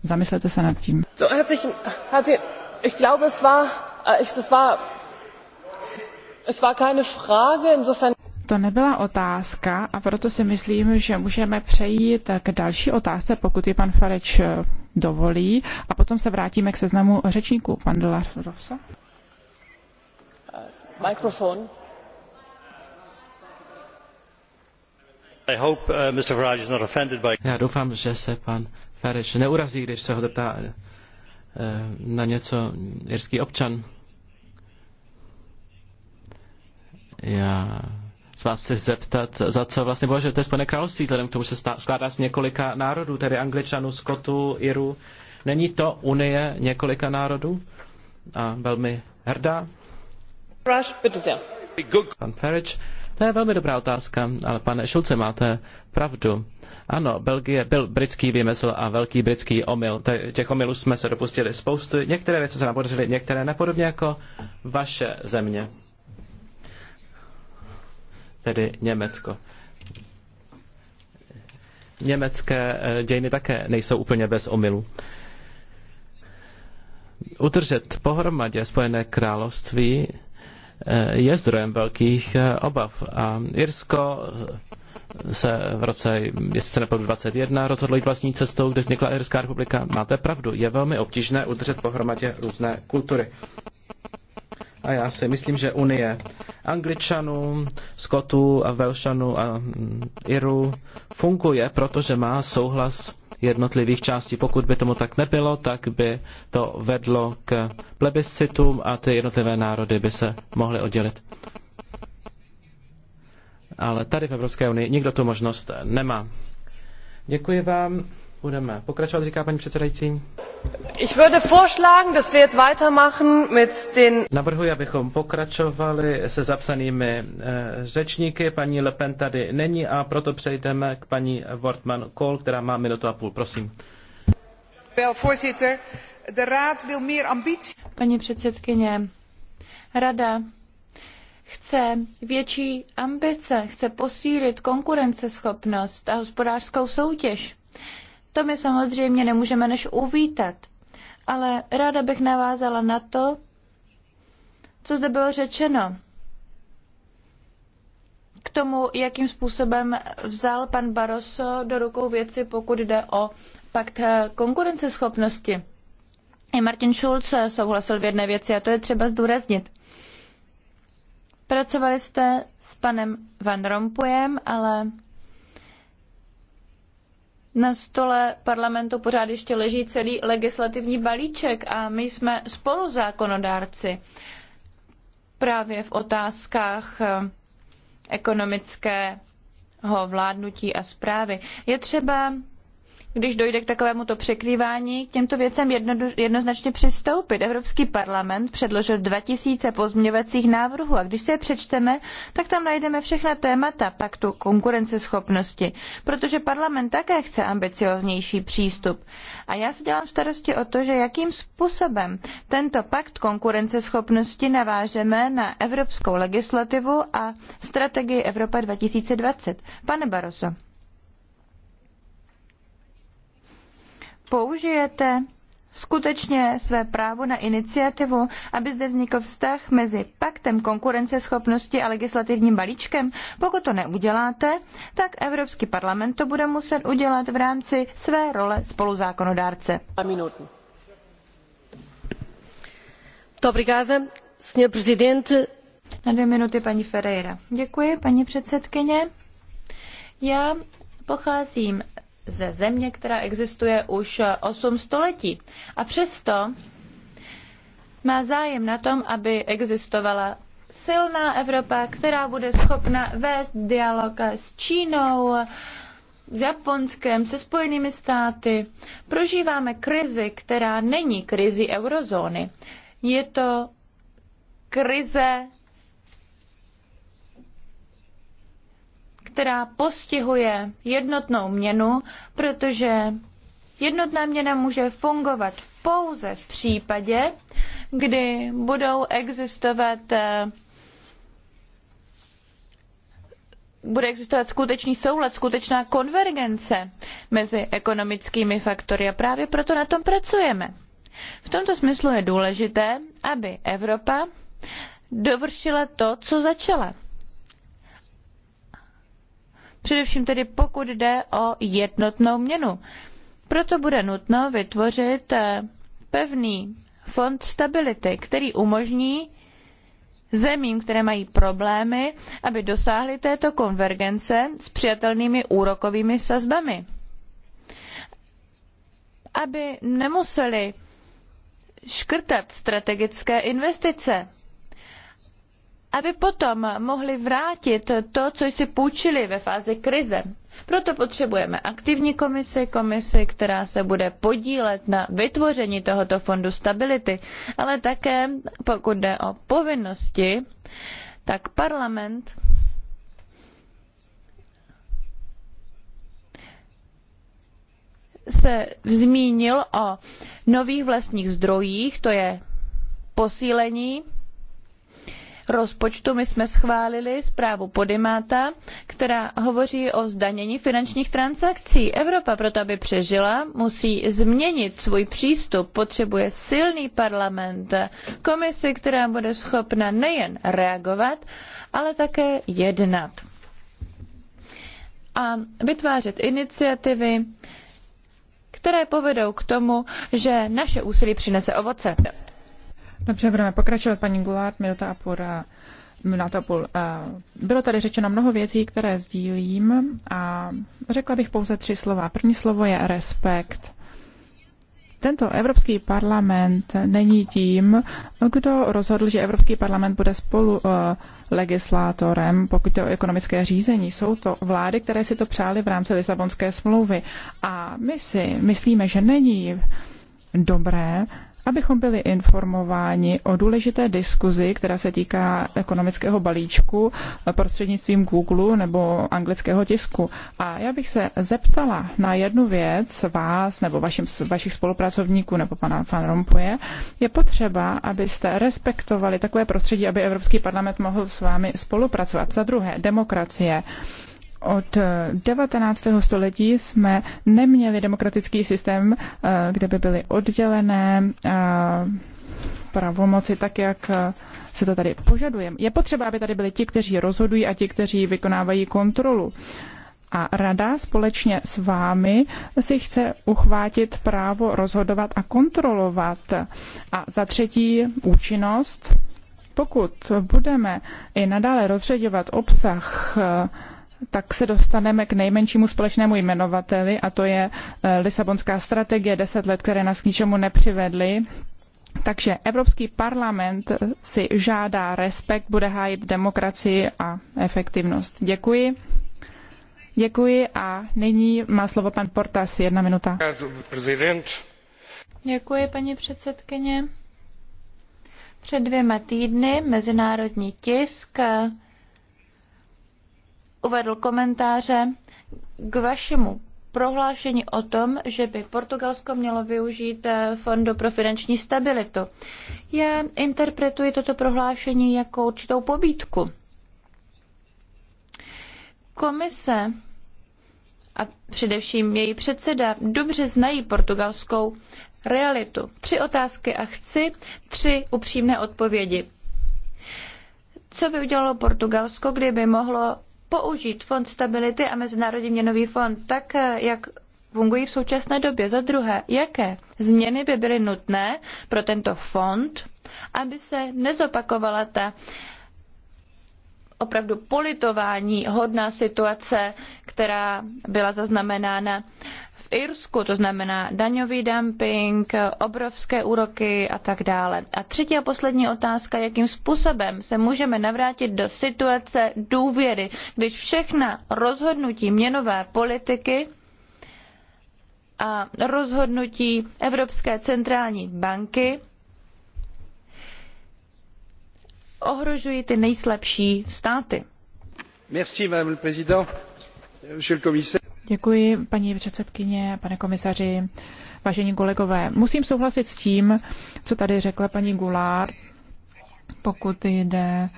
Zamyslete se nad tím. So, herzlichen, herzlichen, ich glaube, es war, äh, ich, das war, es war keine Frage, insofern... To nebyla otázka a proto si myslím, že můžeme přejít k další otázce, pokud ji pan Fareč eh, dovolí a potom se vrátíme k seznamu řečníků. Pan Dolar Rosa. Uh, Já doufám, že se pan Farage neurazí, když se ho zeptá uh, na něco jirský občan. Já z vás chci zeptat, za co vlastně považujete Spojené království, vzhledem k tomu, že se skládá z několika národů, tedy Angličanů, Skotů, Irů. Není to unie několika národů? A velmi hrdá Pan Farage, to je velmi dobrá otázka, ale pane Šulce, máte pravdu. Ano, Belgie byl britský vymysl a velký britský omyl. Těch omylů jsme se dopustili spoustu. Některé věci se nám podařily, některé nepodobně jako vaše země. Tedy Německo. Německé eh, dějiny také nejsou úplně bez omylů. Udržet pohromadě Spojené království Eh, je zdrojem velkých eh, obav. A Irsko eh, se v roce, jestli se 21 rozhodlo jít vlastní cestou, kde vznikla Irská republika. Máte pravdu, je velmi obtížné udržet pohromadě různé kultury. A já si myslím, že Unie Angličanů, Skotů a Velšanů a mm, Irů funguje, protože má souhlas jednotlivých částí. Pokud by tomu tak nebylo, tak by to vedlo k plebiscitům a ty jednotlivé národy by se mohly oddělit. Ale tady v Evropské unii nikdo tu možnost nemá. Děkuji vám. Budeme pokračovat, říká paní předsedající. Ich würde vorschlagen, dass wir jetzt weitermachen mit den... Navrhuji, abychom pokračovali se zapsanými e, řečníky. Paní Le Pen tady není a proto přejdeme k paní Wortmann Kohl, která má minutu a půl. Prosím. Paní předsedkyně, rada chce větší ambice, chce posílit konkurenceschopnost a hospodářskou soutěž to my samozřejmě nemůžeme než uvítat. Ale ráda bych navázala na to, co zde bylo řečeno k tomu, jakým způsobem vzal pan Barroso do rukou věci, pokud jde o pakt konkurenceschopnosti. I Martin Schulz souhlasil v jedné věci a to je třeba zdůraznit. Pracovali jste s panem Van Rompuyem, ale na stole parlamentu pořád ještě leží celý legislativní balíček a my jsme spoluzákonodárci právě v otázkách eh, ekonomického vládnutí a správy. Je třeba když dojde k takovémuto překrývání, k těmto věcem jednoznačně přistoupit. Evropský parlament předložil 2000 pozměňovacích návrhů a když si je přečteme, tak tam najdeme všechna témata paktu konkurenceschopnosti, protože parlament také chce ambicioznější přístup. A já si dělám starosti o to, že jakým způsobem tento pakt konkurenceschopnosti navážeme na evropskou legislativu a strategii Evropa 2020. Pane Baroso, použijete skutečně své právo na iniciativu, aby zde vznikl vztah mezi paktem konkurenceschopnosti a legislativním balíčkem. Pokud to neuděláte, tak Evropský parlament to bude muset udělat v rámci své role spoluzákonodárce. Na dvě minuty paní Ferreira. Děkuji, paní předsedkyně. Já pocházím ze země, která existuje už 8 století. A přesto má zájem na tom, aby existovala silná Evropa, která bude schopna vést dialog s Čínou, s Japonskem, se Spojenými státy. Prožíváme krizi, která není krizi eurozóny. Je to krize která postihuje jednotnou měnu, protože jednotná měna může fungovat pouze v případě, kdy budou existovat eh, bude existovat skutečný soulad, skutečná konvergence mezi ekonomickými faktory a právě proto na tom pracujeme. V tomto smyslu je důležité, aby Evropa dovršila to, co začala především tedy pokud jde o jednotnou měnu. Proto bude nutno vytvořit eh, pevný fond stability, který umožní zemím, které mají problémy, aby dosáhly této konvergence s přijatelnými úrokovými sazbami. Aby nemuseli škrtat strategické investice, aby potom mohli vrátit to, co si půjčili ve fázi krize. Proto potřebujeme aktivní komisi, komisi, která se bude podílet na vytvoření tohoto fondu stability, ale také, pokud jde o povinnosti, tak parlament se zmínil o nových vlastních zdrojích, to je posílení rozpočtu my jsme schválili zprávu Podimata, která hovoří o zdanění finančních transakcí. Evropa proto, aby přežila, musí změnit svůj přístup. Potřebuje silný parlament, komisi, která bude schopna nejen reagovat, ale také jednat. A vytvářet iniciativy, které povedou k tomu, že naše úsilí přinese ovoce. Dobře, budeme pokračovat. Paní Gulát, minuta a půl. Eh, minuta a půl. Eh, bylo tady řečeno mnoho věcí, které sdílím a řekla bych pouze tři slova. První slovo je respekt. Tento Evropský parlament není tím, kdo rozhodl, že Evropský parlament bude spolu eh, legislátorem, pokud to o ekonomické řízení. Jsou to vlády, které si to přáli v rámci Lisabonské smlouvy. A my si myslíme, že není dobré, abychom byli informováni o důležité diskuzi, která se týká ekonomického balíčku prostřednictvím Google nebo anglického tisku. A já bych se zeptala na jednu věc vás nebo vašim, vašich spolupracovníků nebo pana Van Rompuye. Je potřeba, abyste respektovali takové prostředí, aby Evropský parlament mohl s vámi spolupracovat. Za druhé, demokracie od 19. Eh, století jsme neměli demokratický systém, eh, kde by byly oddělené eh, pravomoci tak, jak se to tady požaduje. Je potřeba, aby tady byli ti, kteří rozhodují a ti, kteří vykonávají kontrolu. A rada společně s vámi si chce uchvátit právo rozhodovat a kontrolovat. A za třetí účinnost. Pokud budeme i nadále rozředovat obsah tak se dostaneme k nejmenšímu společnému jmenovateli a to je eh, Lisabonská strategie 10 let, které nás k ničemu nepřivedly. Takže Evropský parlament eh, si žádá respekt, bude hájit demokracii a efektivnost. Děkuji. Děkuji a nyní má slovo pan Portas, jedna minuta. Děkuji, paní předsedkyně. Před dvěma týdny mezinárodní tisk uvedl komentáře k vašemu prohlášení o tom, že by Portugalsko mělo využít eh, fondu pro finanční stabilitu. Já interpretuji toto prohlášení jako určitou pobídku. Komise a především její předseda dobře znají portugalskou realitu. Tři otázky a chci tři upřímné odpovědi. Co by udělalo Portugalsko, kdyby mohlo použít Fond stability a Mezinárodní měnový fond tak, jak fungují v současné době. Za druhé, jaké změny by byly nutné pro tento fond, aby se nezopakovala ta opravdu politování hodná situace, která byla zaznamenána Irsku, to znamená daňový dumping, obrovské úroky a tak dále. A třetí a poslední otázka, jakým způsobem se můžeme navrátit do situace důvěry, když všechna rozhodnutí měnové politiky a rozhodnutí Evropské centrální banky ohrožují ty nejslabší státy. Merci, madame le président, monsieur le commissaire. Děkuji, paní předsedkyně, pane komisaři, vážení kolegové. Musím souhlasit s tím, co tady řekla paní Gulár, pokud jde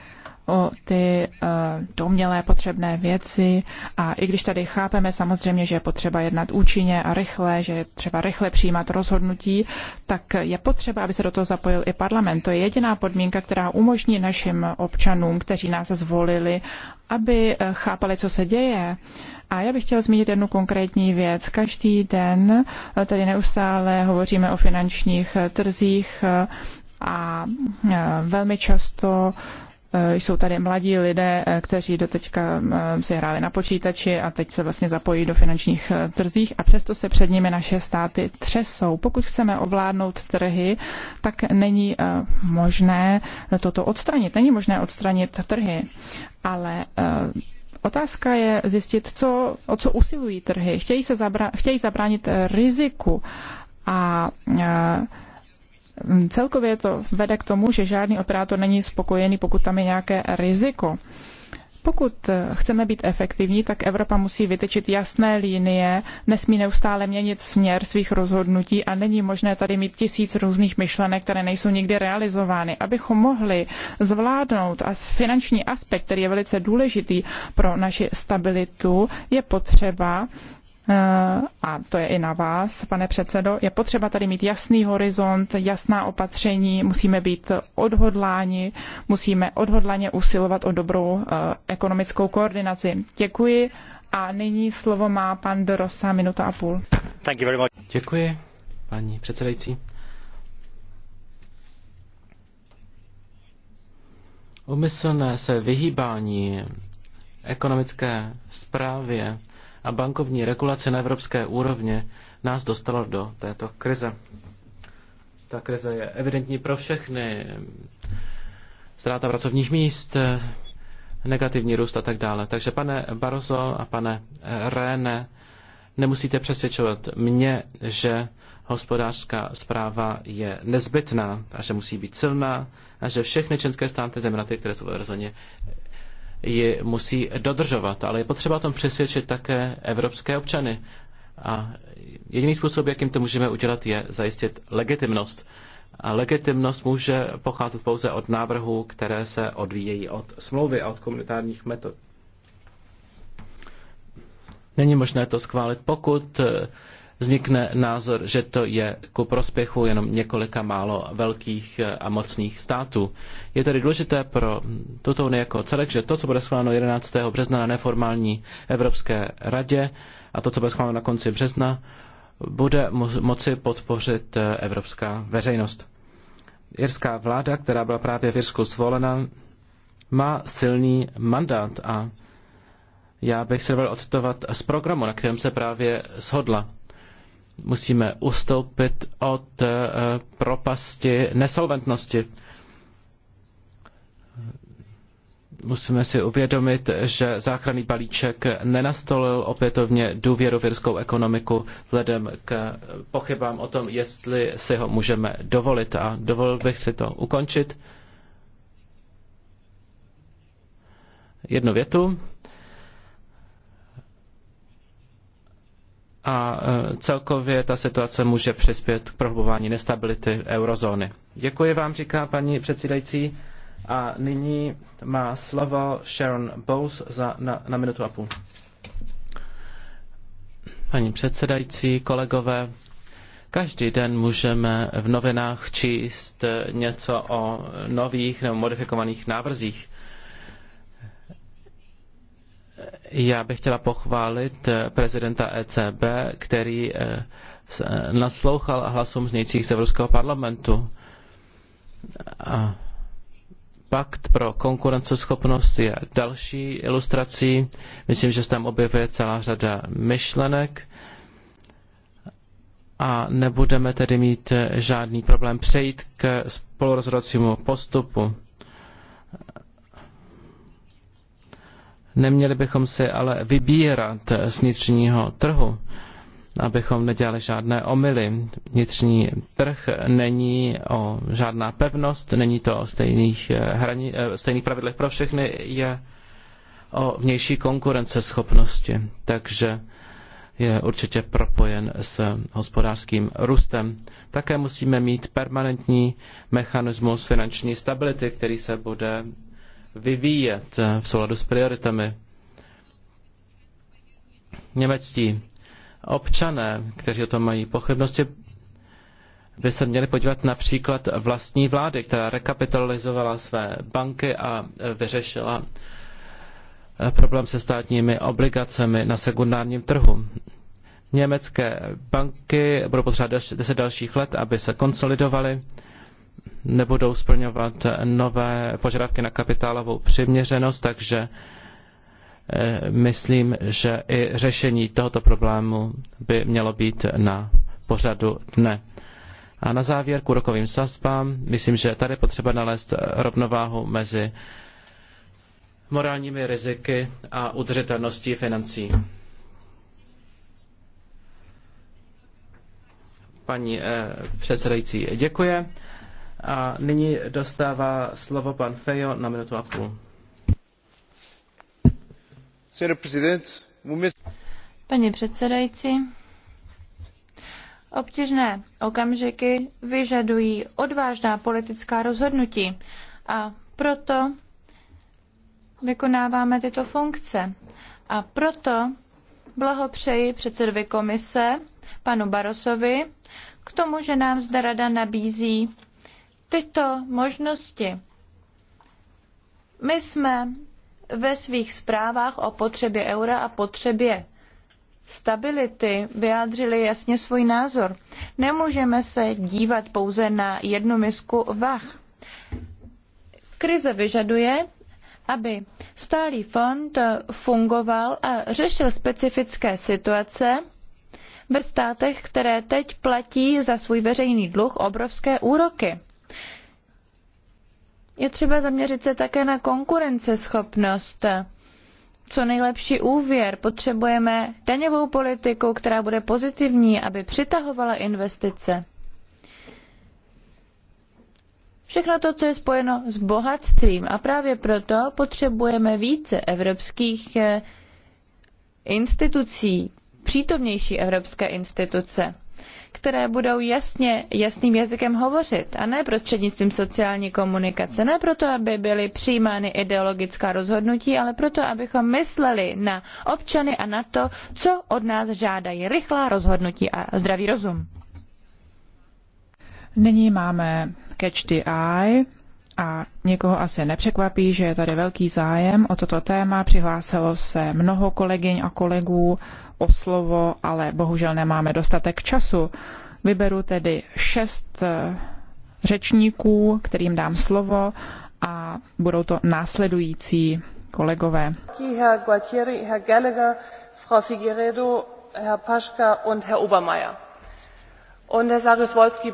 o ty uh, eh, domělé potřebné věci. A i když tady chápeme samozřejmě, že je potřeba jednat účinně a rychle, že je třeba rychle přijímat rozhodnutí, tak je potřeba, aby se do toho zapojil i parlament. To je jediná podmínka, která umožní našim občanům, kteří nás zvolili, aby eh, chápali, co se děje. Uh, a já bych chtěl zmínit jednu konkrétní věc. Každý den eh, tady neustále hovoříme o finančních eh, trzích eh, a velmi často jsou tady mladí lidé, kteří doteďka si hráli na počítači a teď se vlastně zapojí do finančních trzích a přesto se před nimi naše státy třesou. Pokud chceme ovládnout trhy, tak není možné toto odstranit. Není možné odstranit trhy, ale Otázka je zjistit, co, o co usilují trhy. Chtějí, se zabra- chtějí zabránit riziku a e, celkově to vede k tomu, že žádný operátor není spokojený, pokud tam je nějaké riziko. Pokud eh, chceme být efektivní, tak Evropa musí vytyčit jasné linie, nesmí neustále měnit směr svých rozhodnutí a není možné tady mít tisíc různých myšlenek, které nejsou nikdy realizovány. Abychom mohli zvládnout a finanční aspekt, který je velice důležitý pro naši stabilitu, je potřeba, Eh, a to je i na vás, pane předsedo, je potřeba tady mít jasný horizont, jasná opatření, musíme být odhodláni, musíme odhodlaně usilovat o dobrou eh, ekonomickou koordinaci. Děkuji a nyní slovo má pan Dorosa, minuta a půl. Thank you very much. Děkuji, paní předsedající. Umyslné se vyhýbání ekonomické zprávě a bankovní regulace na evropské úrovně nás dostalo do této krize. Ta krize je evidentní pro všechny. Ztráta pracovních míst, negativní růst a tak dále. Takže pane Barroso a pane Rene, nemusíte přesvědčovat mě, že hospodářská zpráva je nezbytná a že musí být silná a že všechny členské státy, zejména ty, které jsou v eurozóně, ji musí dodržovat, ale je potřeba o tom přesvědčit také evropské občany. A jediný způsob, jakým to můžeme udělat, je zajistit legitimnost. A legitimnost může pocházet pouze od návrhů, které se odvíjejí od smlouvy a od komunitárních metod. Není možné to schválit, pokud eh, vznikne názor, že to je ku prospěchu jenom několika málo velkých eh, a mocných států. Je tedy důležité pro tuto unii jako celek, že to, co bude schváleno 11. března na neformální Evropské radě a to, co bude schváleno na konci března, bude moci podpořit eh, evropská veřejnost. Irská vláda, která byla právě v Irsku zvolena, má silný mandát a já bych se dovolil odcitovat z programu, na kterém se právě shodla. Musíme ustoupit od eh, propasti nesolventnosti. Musíme si uvědomit, že záchranný balíček nenastolil opětovně důvěru v irskou ekonomiku vzhledem k pochybám o tom, jestli si ho můžeme dovolit. A dovolil bych si to ukončit. Jednu větu a e, celkově ta situace může přispět k prohlubování nestability eurozóny. Děkuji vám, říká paní předsedající. A nyní má slovo Sharon Bowles za, na, na minutu a půl. Paní předsedající, kolegové, každý den můžeme v novinách číst něco o nových nebo modifikovaných návrzích já bych chtěla pochválit eh, prezidenta ECB, který eh, eh, naslouchal hlasům znějících z Evropského parlamentu. A Pakt pro konkurenceschopnost je další ilustrací. Myslím, že se tam objevuje celá řada myšlenek a nebudeme tedy mít žádný problém přejít k spolurozhodovacímu postupu. Neměli bychom si ale vybírat z vnitřního trhu, abychom nedělali žádné omily. Vnitřní trh není o žádná pevnost, není to o stejných, eh, hraní, eh, stejných pravidlech pro všechny, je o vnější konkurenceschopnosti. Takže je určitě propojen s hospodářským růstem. Také musíme mít permanentní mechanismus finanční stability, který se bude vyvíjet eh, v souladu s prioritami. Němečtí občané, kteří o tom mají pochybnosti, by se měli podívat například vlastní vlády, která rekapitalizovala své banky a eh, vyřešila eh, problém se státními obligacemi na sekundárním trhu. Německé banky budou potřebovat 10 dalších let, aby se konsolidovaly nebudou splňovat nové požadavky na kapitálovou přiměřenost, takže eh, myslím, že i řešení tohoto problému by mělo být na pořadu dne. A na závěr k úrokovým sazbám. Myslím, že tady potřeba nalézt rovnováhu mezi morálními riziky a udržitelností financí. Paní eh, předsedající, děkuji. A nyní dostává slovo pan Fejo na minutu a půl. Paní předsedající, obtížné okamžiky vyžadují odvážná politická rozhodnutí a proto vykonáváme tyto funkce. A proto blahopřeji předsedovi komise, panu Barosovi, k tomu, že nám zde rada nabízí tyto možnosti. My jsme ve svých zprávách o potřebě eura a potřebě stability vyjádřili jasně svůj názor. Nemůžeme se dívat pouze na jednu misku vach. Krize vyžaduje, aby stálý fond fungoval a řešil specifické situace ve státech, které teď platí za svůj veřejný dluh obrovské úroky. Je třeba zaměřit se také na konkurenceschopnost. Co nejlepší úvěr potřebujeme daňovou politiku, která bude pozitivní, aby přitahovala investice. Všechno to, co je spojeno s bohatstvím. A právě proto potřebujeme více evropských eh, institucí, přítomnější evropské instituce které budou jasně, jasným jazykem hovořit a ne prostřednictvím sociální komunikace. Ne proto, aby byly přijímány ideologická rozhodnutí, ale proto, abychom mysleli na občany a na to, co od nás žádají rychlá rozhodnutí a zdravý rozum. Nyní máme Catch the Eye a někoho asi nepřekvapí, že je tady velký zájem o toto téma. Přihlásilo se mnoho kolegyň a kolegů o slovo, ale bohužel nemáme dostatek času. Vyberu tedy šest eh, řečníků, kterým dám slovo a budou to následující kolegové. Figueredo, wolski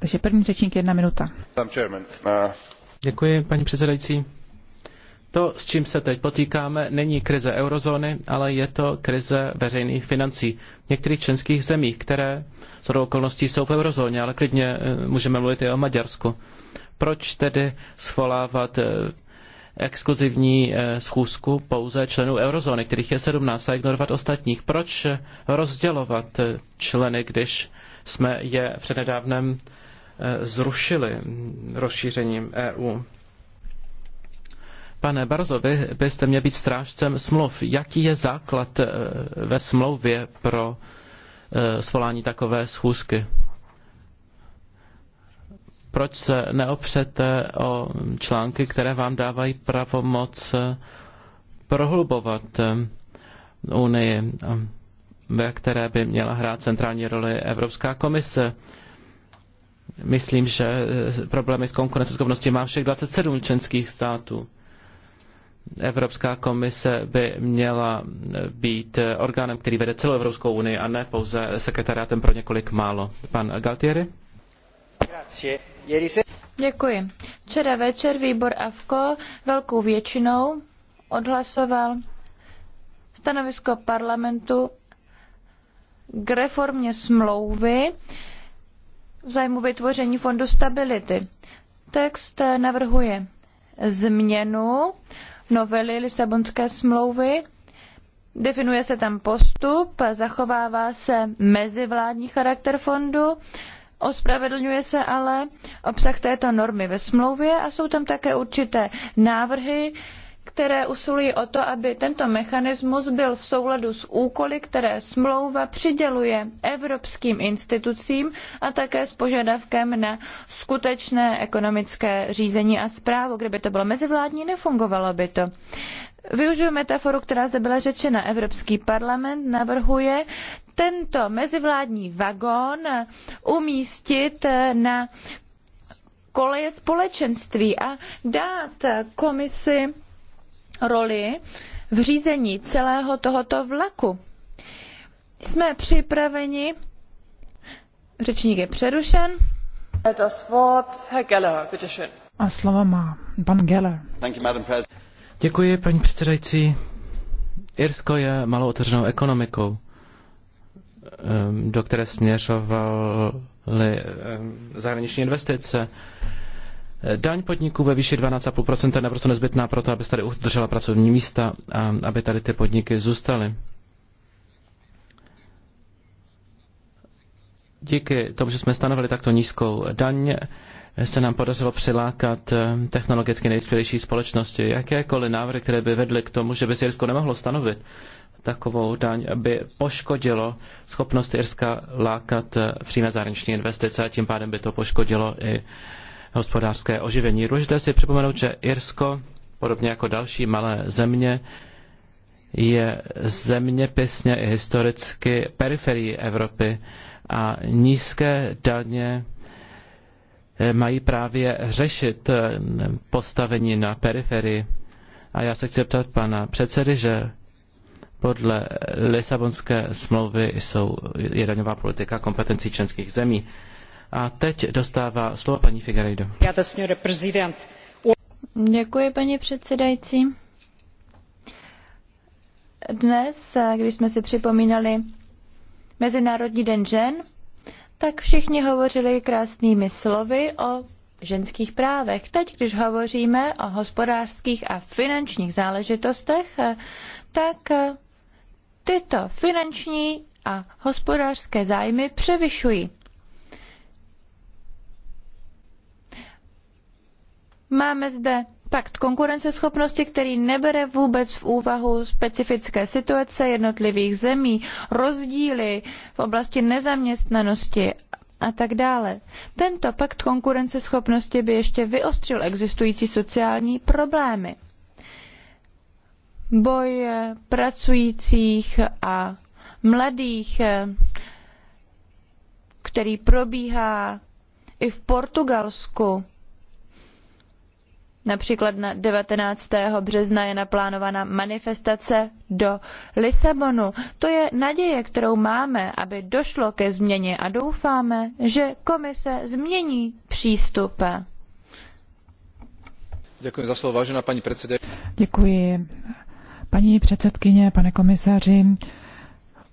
Takže první řečník jedna minuta. Uh, Děkuji, paní předsedající. To, s čím se teď potýkáme, není krize eurozóny, ale je to krize veřejných financí v některých členských zemích, které z okolností jsou v eurozóně, ale klidně eh, můžeme mluvit i o Maďarsku. Proč tedy scholávat eh, exkluzivní eh, schůzku pouze členů eurozóny, kterých je 17, a ignorovat ostatních? Proč rozdělovat členy, když jsme je přednedávnem zrušili rozšířením EU? Pane Barzo, vy byste měl být strážcem smluv. Jaký je základ eh, ve smlouvě pro eh, svolání takové schůzky? Proč se neopřete o články, které vám dávají pravomoc eh, prohlubovat Unii, ve které by měla hrát centrální roli Evropská komise? Myslím, že problémy s konkurenceschopností má všech 27 členských států Evropská komise by měla být orgánem, který vede celou Evropskou unii a ne pouze sekretariátem pro několik málo. Pan Galtieri? Děkuji. Včera večer výbor AFKO velkou většinou odhlasoval stanovisko parlamentu k reformě smlouvy v zájmu vytvoření fondu stability. Text navrhuje změnu novely Lisabonské smlouvy. Definuje se tam postup, zachovává se mezivládní charakter fondu, ospravedlňuje se ale obsah této normy ve smlouvě a jsou tam také určité návrhy, které usilují o to, aby tento mechanismus byl v souladu s úkoly, které smlouva přiděluje evropským institucím a také s požadavkem na skutečné ekonomické řízení a správu. Kdyby to bylo mezivládní, nefungovalo by to. Využiju metaforu, která zde byla řečena. Evropský parlament navrhuje tento mezivládní vagón umístit na koleje společenství a dát komisi roli v řízení celého tohoto vlaku. Jsme připraveni. Řečník je přerušen. A slovo má pan Geller. Děkuji, paní předsedající. Irsko je malou otevřenou ekonomikou, ehm, do které směřovaly ehm, zahraniční investice. Daň podniků ve výši 12,5% je naprosto nezbytná pro to, aby se tady udržela pracovní místa a aby tady ty podniky zůstaly. Díky tomu, že jsme stanovili takto nízkou daň, se nám podařilo přilákat technologicky nejspělejší společnosti. Jakékoliv návrhy, které by vedly k tomu, že by si Irsko nemohlo stanovit takovou daň, aby poškodilo schopnost Irska lákat přímé zahraniční investice a tím pádem by to poškodilo i uh, hospodářské oživení. Důležité si připomenout, že Irsko, podobně jako další malé země, je zeměpisně i historicky periferií Evropy a nízké daně eh, mají právě řešit eh, postavení na periferii. A já se chci ptat pana předsedy, že podle Lisabonské smlouvy jsou je daňová politika kompetencí členských zemí. A teď dostává slovo paní Figueiredo. Děkuji, paní předsedající. Dnes, když jsme si připomínali Mezinárodní den žen, tak všichni hovořili krásnými slovy o ženských právech. Teď, když hovoříme o hospodářských a finančních záležitostech, tak tyto finanční a hospodářské zájmy převyšují Máme zde pakt konkurenceschopnosti, který nebere vůbec v úvahu specifické situace jednotlivých zemí, rozdíly v oblasti nezaměstnanosti a tak dále. Tento pakt konkurenceschopnosti by ještě vyostřil existující sociální problémy. Boj pracujících a mladých, který probíhá i v Portugalsku, Například na 19. března je naplánována manifestace do Lisabonu. To je naděje, kterou máme, aby došlo ke změně a doufáme, že komise změní přístup. Děkuji za slovo, vážená paní předsedkyně. Děkuji. Paní předsedkyně, pane komisaři,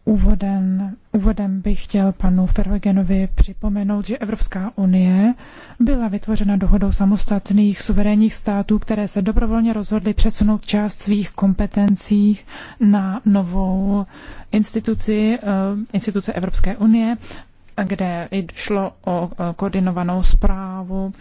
Úvodem, úvodem bych chtěl panu Ferhogenovi připomenout, že Evropská unie byla vytvořena dohodou samostatných suverénních států, které se dobrovolně rozhodly přesunout část svých kompetencí na novou instituci, eh, instituce Evropské unie, kde šlo o koordinovanou zprávu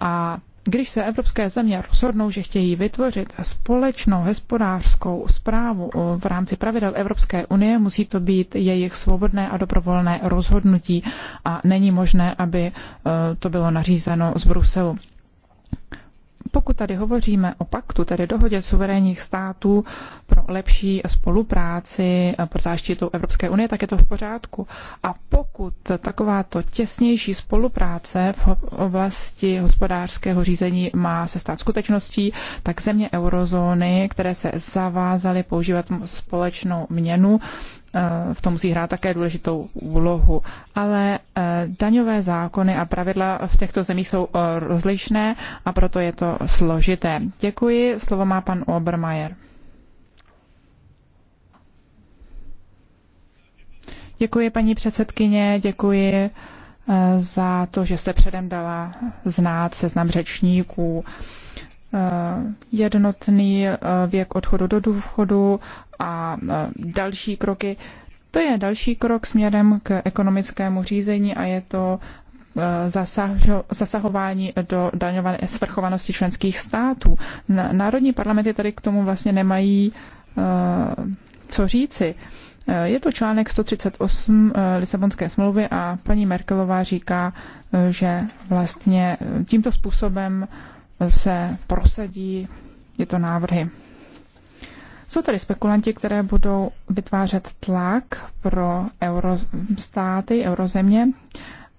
a když se evropské země rozhodnou, že chtějí vytvořit společnou hospodářskou zprávu v rámci pravidel Evropské unie, musí to být jejich svobodné a dobrovolné rozhodnutí a není možné, aby eh, to bylo nařízeno z Bruselu pokud tady hovoříme o paktu, tedy dohodě suverénních států pro lepší spolupráci, eh, pro záštitu Evropské unie, tak je to v pořádku. A pokud takováto těsnější spolupráce v oblasti hospodářského řízení má se stát skutečností, tak země eurozóny, které se zavázaly používat společnou měnu, Eh, v tom musí hrát také důležitou úlohu. Ale eh, daňové zákony a pravidla v těchto zemích jsou eh, rozlišné a proto je to složité. Děkuji. Slovo má pan Obermajer. Děkuji, paní předsedkyně, děkuji za to, že jste předem dala znát seznam řečníků. Eh, jednotný eh, věk odchodu do důchodu a eh, další kroky. To je další krok směrem k ekonomickému řízení a je to zasahování do daňované svrchovanosti členských států. Národní parlamenty tady k tomu vlastně nemají co říci. Je to článek 138 Lisabonské smlouvy a paní Merkelová říká, že vlastně tímto způsobem se prosadí tyto návrhy. Jsou tady spekulanti, které budou vytvářet tlak pro eurostáty, eurozemě,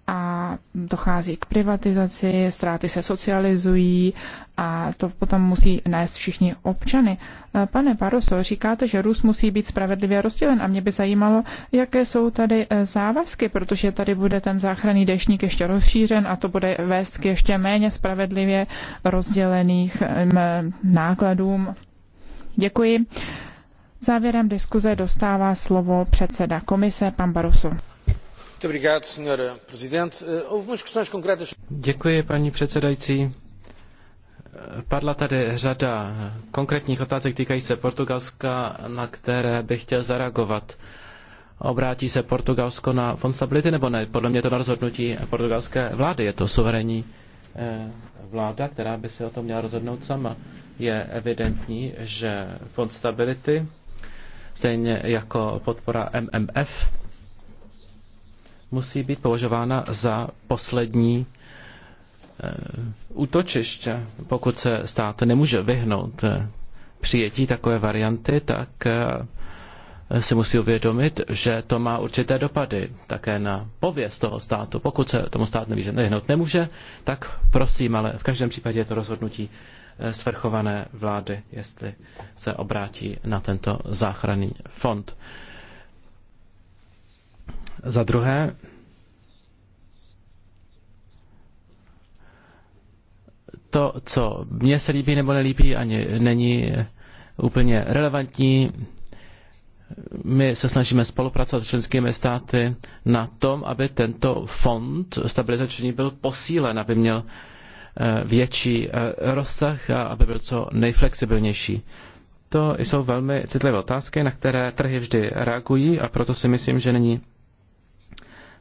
a dochází k privatizaci, ztráty se socializují a to potom musí nést všichni občany. E, Pane Paroso, říkáte, že Rus musí být spravedlivě rozdělen a mě by zajímalo, jaké jsou tady e, závazky, protože tady bude ten záchranný dešník ještě rozšířen a to bude vést k ještě méně spravedlivě rozdělených e, nákladům. Děkuji. Závěrem diskuze dostává slovo předseda komise, pan Baroso. Eh, Děkuji, paní předsedající. Eh, padla tady řada konkrétních otázek týkajících se Portugalska, na které bych chtěl zareagovat. Obrátí se Portugalsko na fond stability nebo ne? Podle mě to na rozhodnutí portugalské vlády. Je to suverénní eh, vláda, která by se o tom měla rozhodnout sama. Je evidentní, že fond stability, stejně jako podpora MMF, musí být považována za poslední eh, útočiště. Pokud se stát nemůže vyhnout eh, přijetí takové varianty, tak eh, si musí uvědomit, že to má určité dopady také na pověst toho státu. Pokud se tomu stát neví, že nevyhnout nemůže, tak prosím, ale v každém případě je to rozhodnutí svrchované vlády, jestli se obrátí na tento záchranný fond. Za druhé, to, co mně se líbí nebo nelíbí, ani není úplně relevantní. My se snažíme spolupracovat s členskými státy na tom, aby tento fond stabilizační byl posílen, aby měl eh, větší eh, rozsah a aby byl co nejflexibilnější. To jsou velmi citlivé otázky, na které trhy vždy reagují a proto si myslím, že není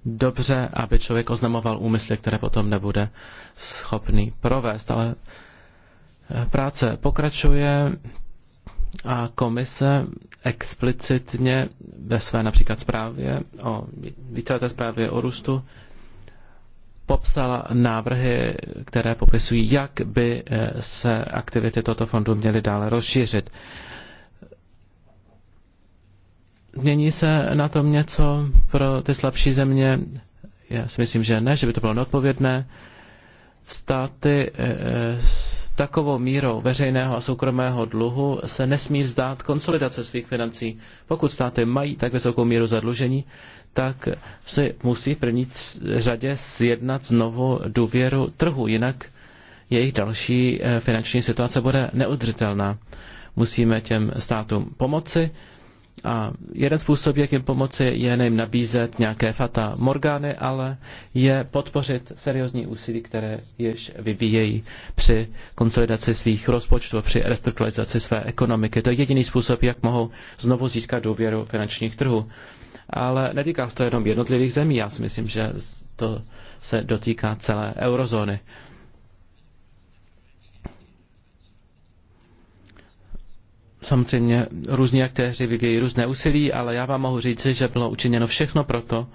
dobře, aby člověk oznamoval úmysly, které potom nebude schopný provést. Ale eh, práce pokračuje a komise explicitně ve své například zprávě o víceleté zprávě o růstu popsala návrhy, které popisují, jak by eh, se aktivity tohoto fondu měly dále rozšířit. Mění se na tom něco pro ty slabší země? Já si myslím, že ne, že by to bylo neodpovědné. Státy e, e, s takovou mírou veřejného a soukromého dluhu se nesmí vzdát konsolidace svých financí. Pokud státy mají tak vysokou míru zadlužení, tak si musí v první řadě zjednat znovu důvěru trhu, jinak jejich další e, finanční situace bude neudržitelná. Musíme těm státům pomoci, a jeden způsob, jak jim pomoci, je nejim nabízet nějaké fata morgány, ale je podpořit seriózní úsilí, které již vyvíjejí při konsolidaci svých rozpočtů při restrukturalizaci své ekonomiky. To je jediný způsob, jak mohou znovu získat důvěru finančních trhů. Ale netýká se to jenom jednotlivých zemí. Já si myslím, že to se dotýká celé eurozóny. Samozřejmě různí aktéři vyvíjí různé úsilí, ale já vám mohu říci, že bylo učiněno všechno proto,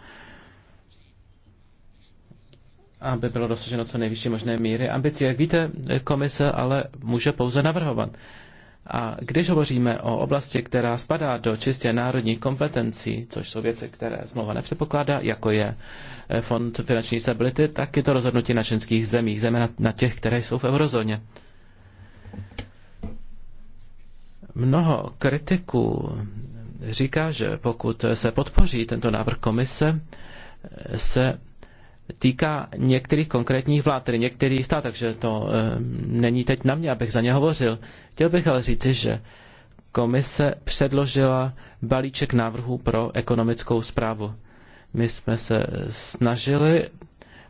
aby bylo dosaženo co nejvyšší možné míry ambicí. Jak víte, komise ale může pouze navrhovat. A když hovoříme o oblasti, která spadá do čistě národních kompetencí, což jsou věci, které smlouva nepředpokládá, jako je eh, Fond finanční stability, tak je to rozhodnutí na členských zemích, zejména na těch, které jsou v eurozóně. Mnoho kritiků říká, že pokud se podpoří tento návrh komise, se týká některých konkrétních vlád, tedy některých stát, takže to e, není teď na mě, abych za ně hovořil. Chtěl bych ale říci, že komise předložila balíček návrhů pro ekonomickou zprávu. My jsme se snažili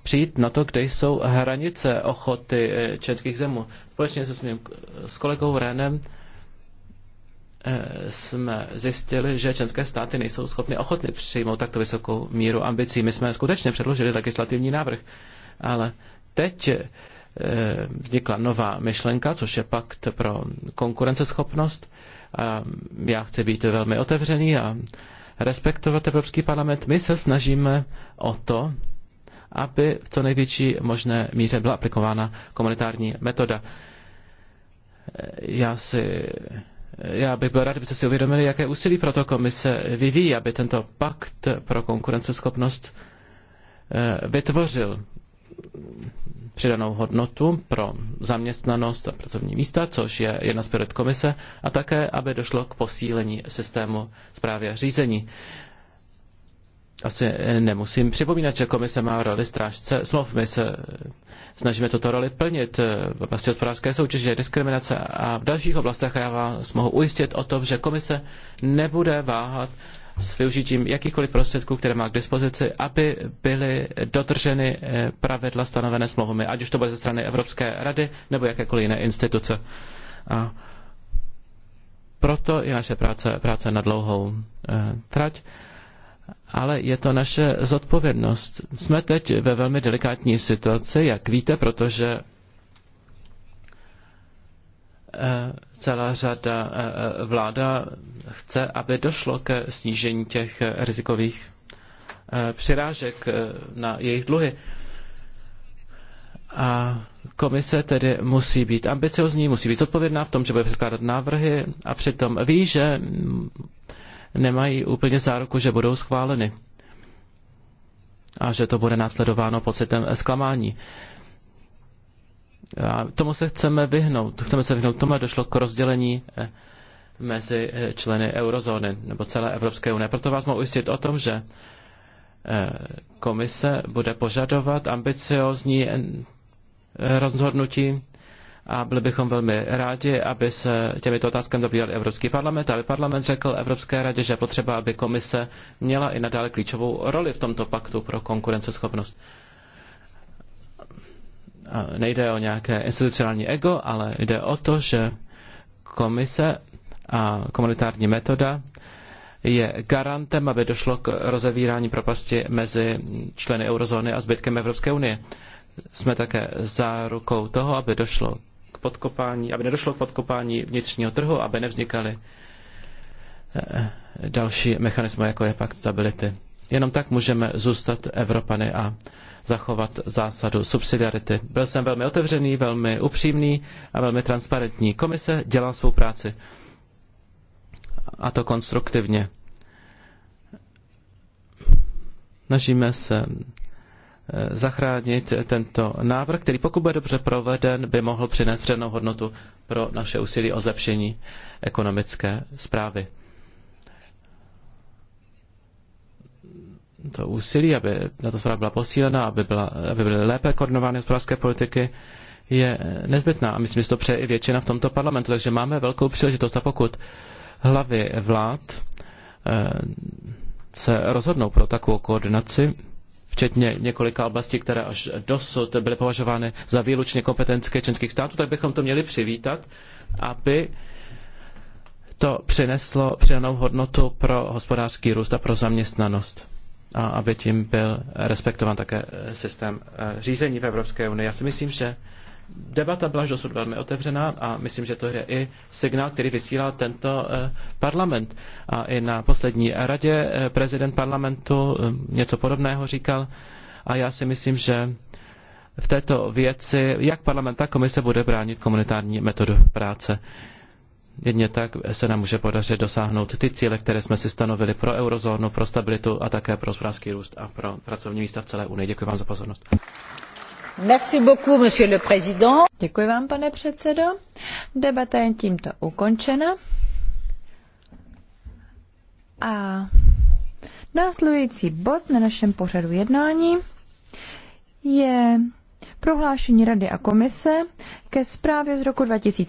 přijít na to, kde jsou hranice ochoty eh, českých zemů. Společně se mým s kolegou Renem Eh, jsme zjistili, že členské státy nejsou schopny ochotny přijmout takto vysokou míru ambicí. My jsme skutečně předložili legislativní návrh, ale teď eh, vznikla nová myšlenka, což je pakt pro konkurenceschopnost. A já chci být velmi otevřený a respektovat Evropský parlament. My se snažíme o to, aby v co největší možné míře byla aplikována komunitární metoda. Eh, já si já bych byl rád, kdybyste si uvědomili, jaké úsilí proto komise vyvíjí, aby tento pakt pro konkurenceschopnost eh, vytvořil přidanou hodnotu pro zaměstnanost a pracovní místa, což je jedna z priorit komise, a také, aby došlo k posílení systému zprávy a řízení asi eh, nemusím připomínat, že komise má roli strážce smluv. My se eh, snažíme tuto roli plnit eh, v oblasti hospodářské soutěže, diskriminace a v dalších oblastech. já vás mohu ujistit o tom, že komise nebude váhat s využitím jakýchkoliv prostředků, které má k dispozici, aby byly dodrženy pravidla stanovené smlouvami, ať už to bude ze strany Evropské rady nebo jakékoliv jiné instituce. A proto je naše práce, práce na dlouhou trať ale je to naše zodpovědnost. Jsme teď ve velmi delikátní situaci, jak víte, protože eh, celá řada eh, eh, vláda chce, aby došlo ke snížení těch rizikových přirážek na jejich dluhy. A komise tedy musí být ambiciozní, musí být zodpovědná v tom, že bude předkládat návrhy a přitom ví, že nemají úplně záruku, že budou schváleny a že to bude následováno pocitem zklamání. A tomu se chceme vyhnout. Chceme se vyhnout tomu, došlo k rozdělení eh, mezi eh, členy eurozóny nebo celé Evropské unie. Proto vás mohu ujistit o tom, že eh, komise bude požadovat ambiciozní rozhodnutí a byli bychom velmi rádi, aby se těmito otázkami zabýval Evropský parlament, aby parlament řekl Evropské radě, že je potřeba, aby komise měla i nadále klíčovou roli v tomto paktu pro konkurenceschopnost. nejde o nějaké institucionální ego, ale jde o to, že komise a komunitární metoda je garantem, aby došlo k rozevírání propasti mezi členy eurozóny a zbytkem Evropské unie. Jsme také zárukou toho, aby došlo podkopání, aby nedošlo k podkopání vnitřního trhu, aby nevznikaly eh, další mechanismy, jako je pakt stability. Jenom tak můžeme zůstat Evropany a zachovat zásadu subsidiarity. Byl jsem velmi otevřený, velmi upřímný a velmi transparentní. Komise dělá svou práci. A to konstruktivně. Snažíme se Eh, zachránit tento návrh, který pokud bude dobře proveden, by mohl přinést přednou hodnotu pro naše úsilí o zlepšení ekonomické zprávy. To úsilí, aby tato zpráva byla posílena, aby, byla, aby byly lépe koordinovány hospodářské politiky, je nezbytná a myslím, že to přeje i většina v tomto parlamentu, takže máme velkou příležitost a pokud hlavy vlád eh, se rozhodnou pro takovou koordinaci, včetně několika oblastí, které až dosud byly považovány za výlučně kompetence členských států, tak bychom to měli přivítat, aby to přineslo přidanou hodnotu pro hospodářský růst a pro zaměstnanost a aby tím byl respektován také systém eh, řízení v Evropské unii. Já si myslím, že debata byla dosud velmi otevřená a myslím, že to je i signál, který vysílá tento eh, parlament. A i na poslední radě eh, prezident parlamentu eh, něco podobného říkal a já si myslím, že v této věci jak parlament, tak komise bude bránit komunitární metodu práce. Jedně tak se nám může podařit dosáhnout ty cíle, které jsme si stanovili pro eurozónu, pro stabilitu a také pro hospodářský růst a pro pracovní místa v celé Unii. Děkuji vám za pozornost. Děkuji vám, pane předsedo. Debata je tímto ukončena. A následující bod na našem pořadu jednání je prohlášení Rady a komise ke zprávě z roku 2000.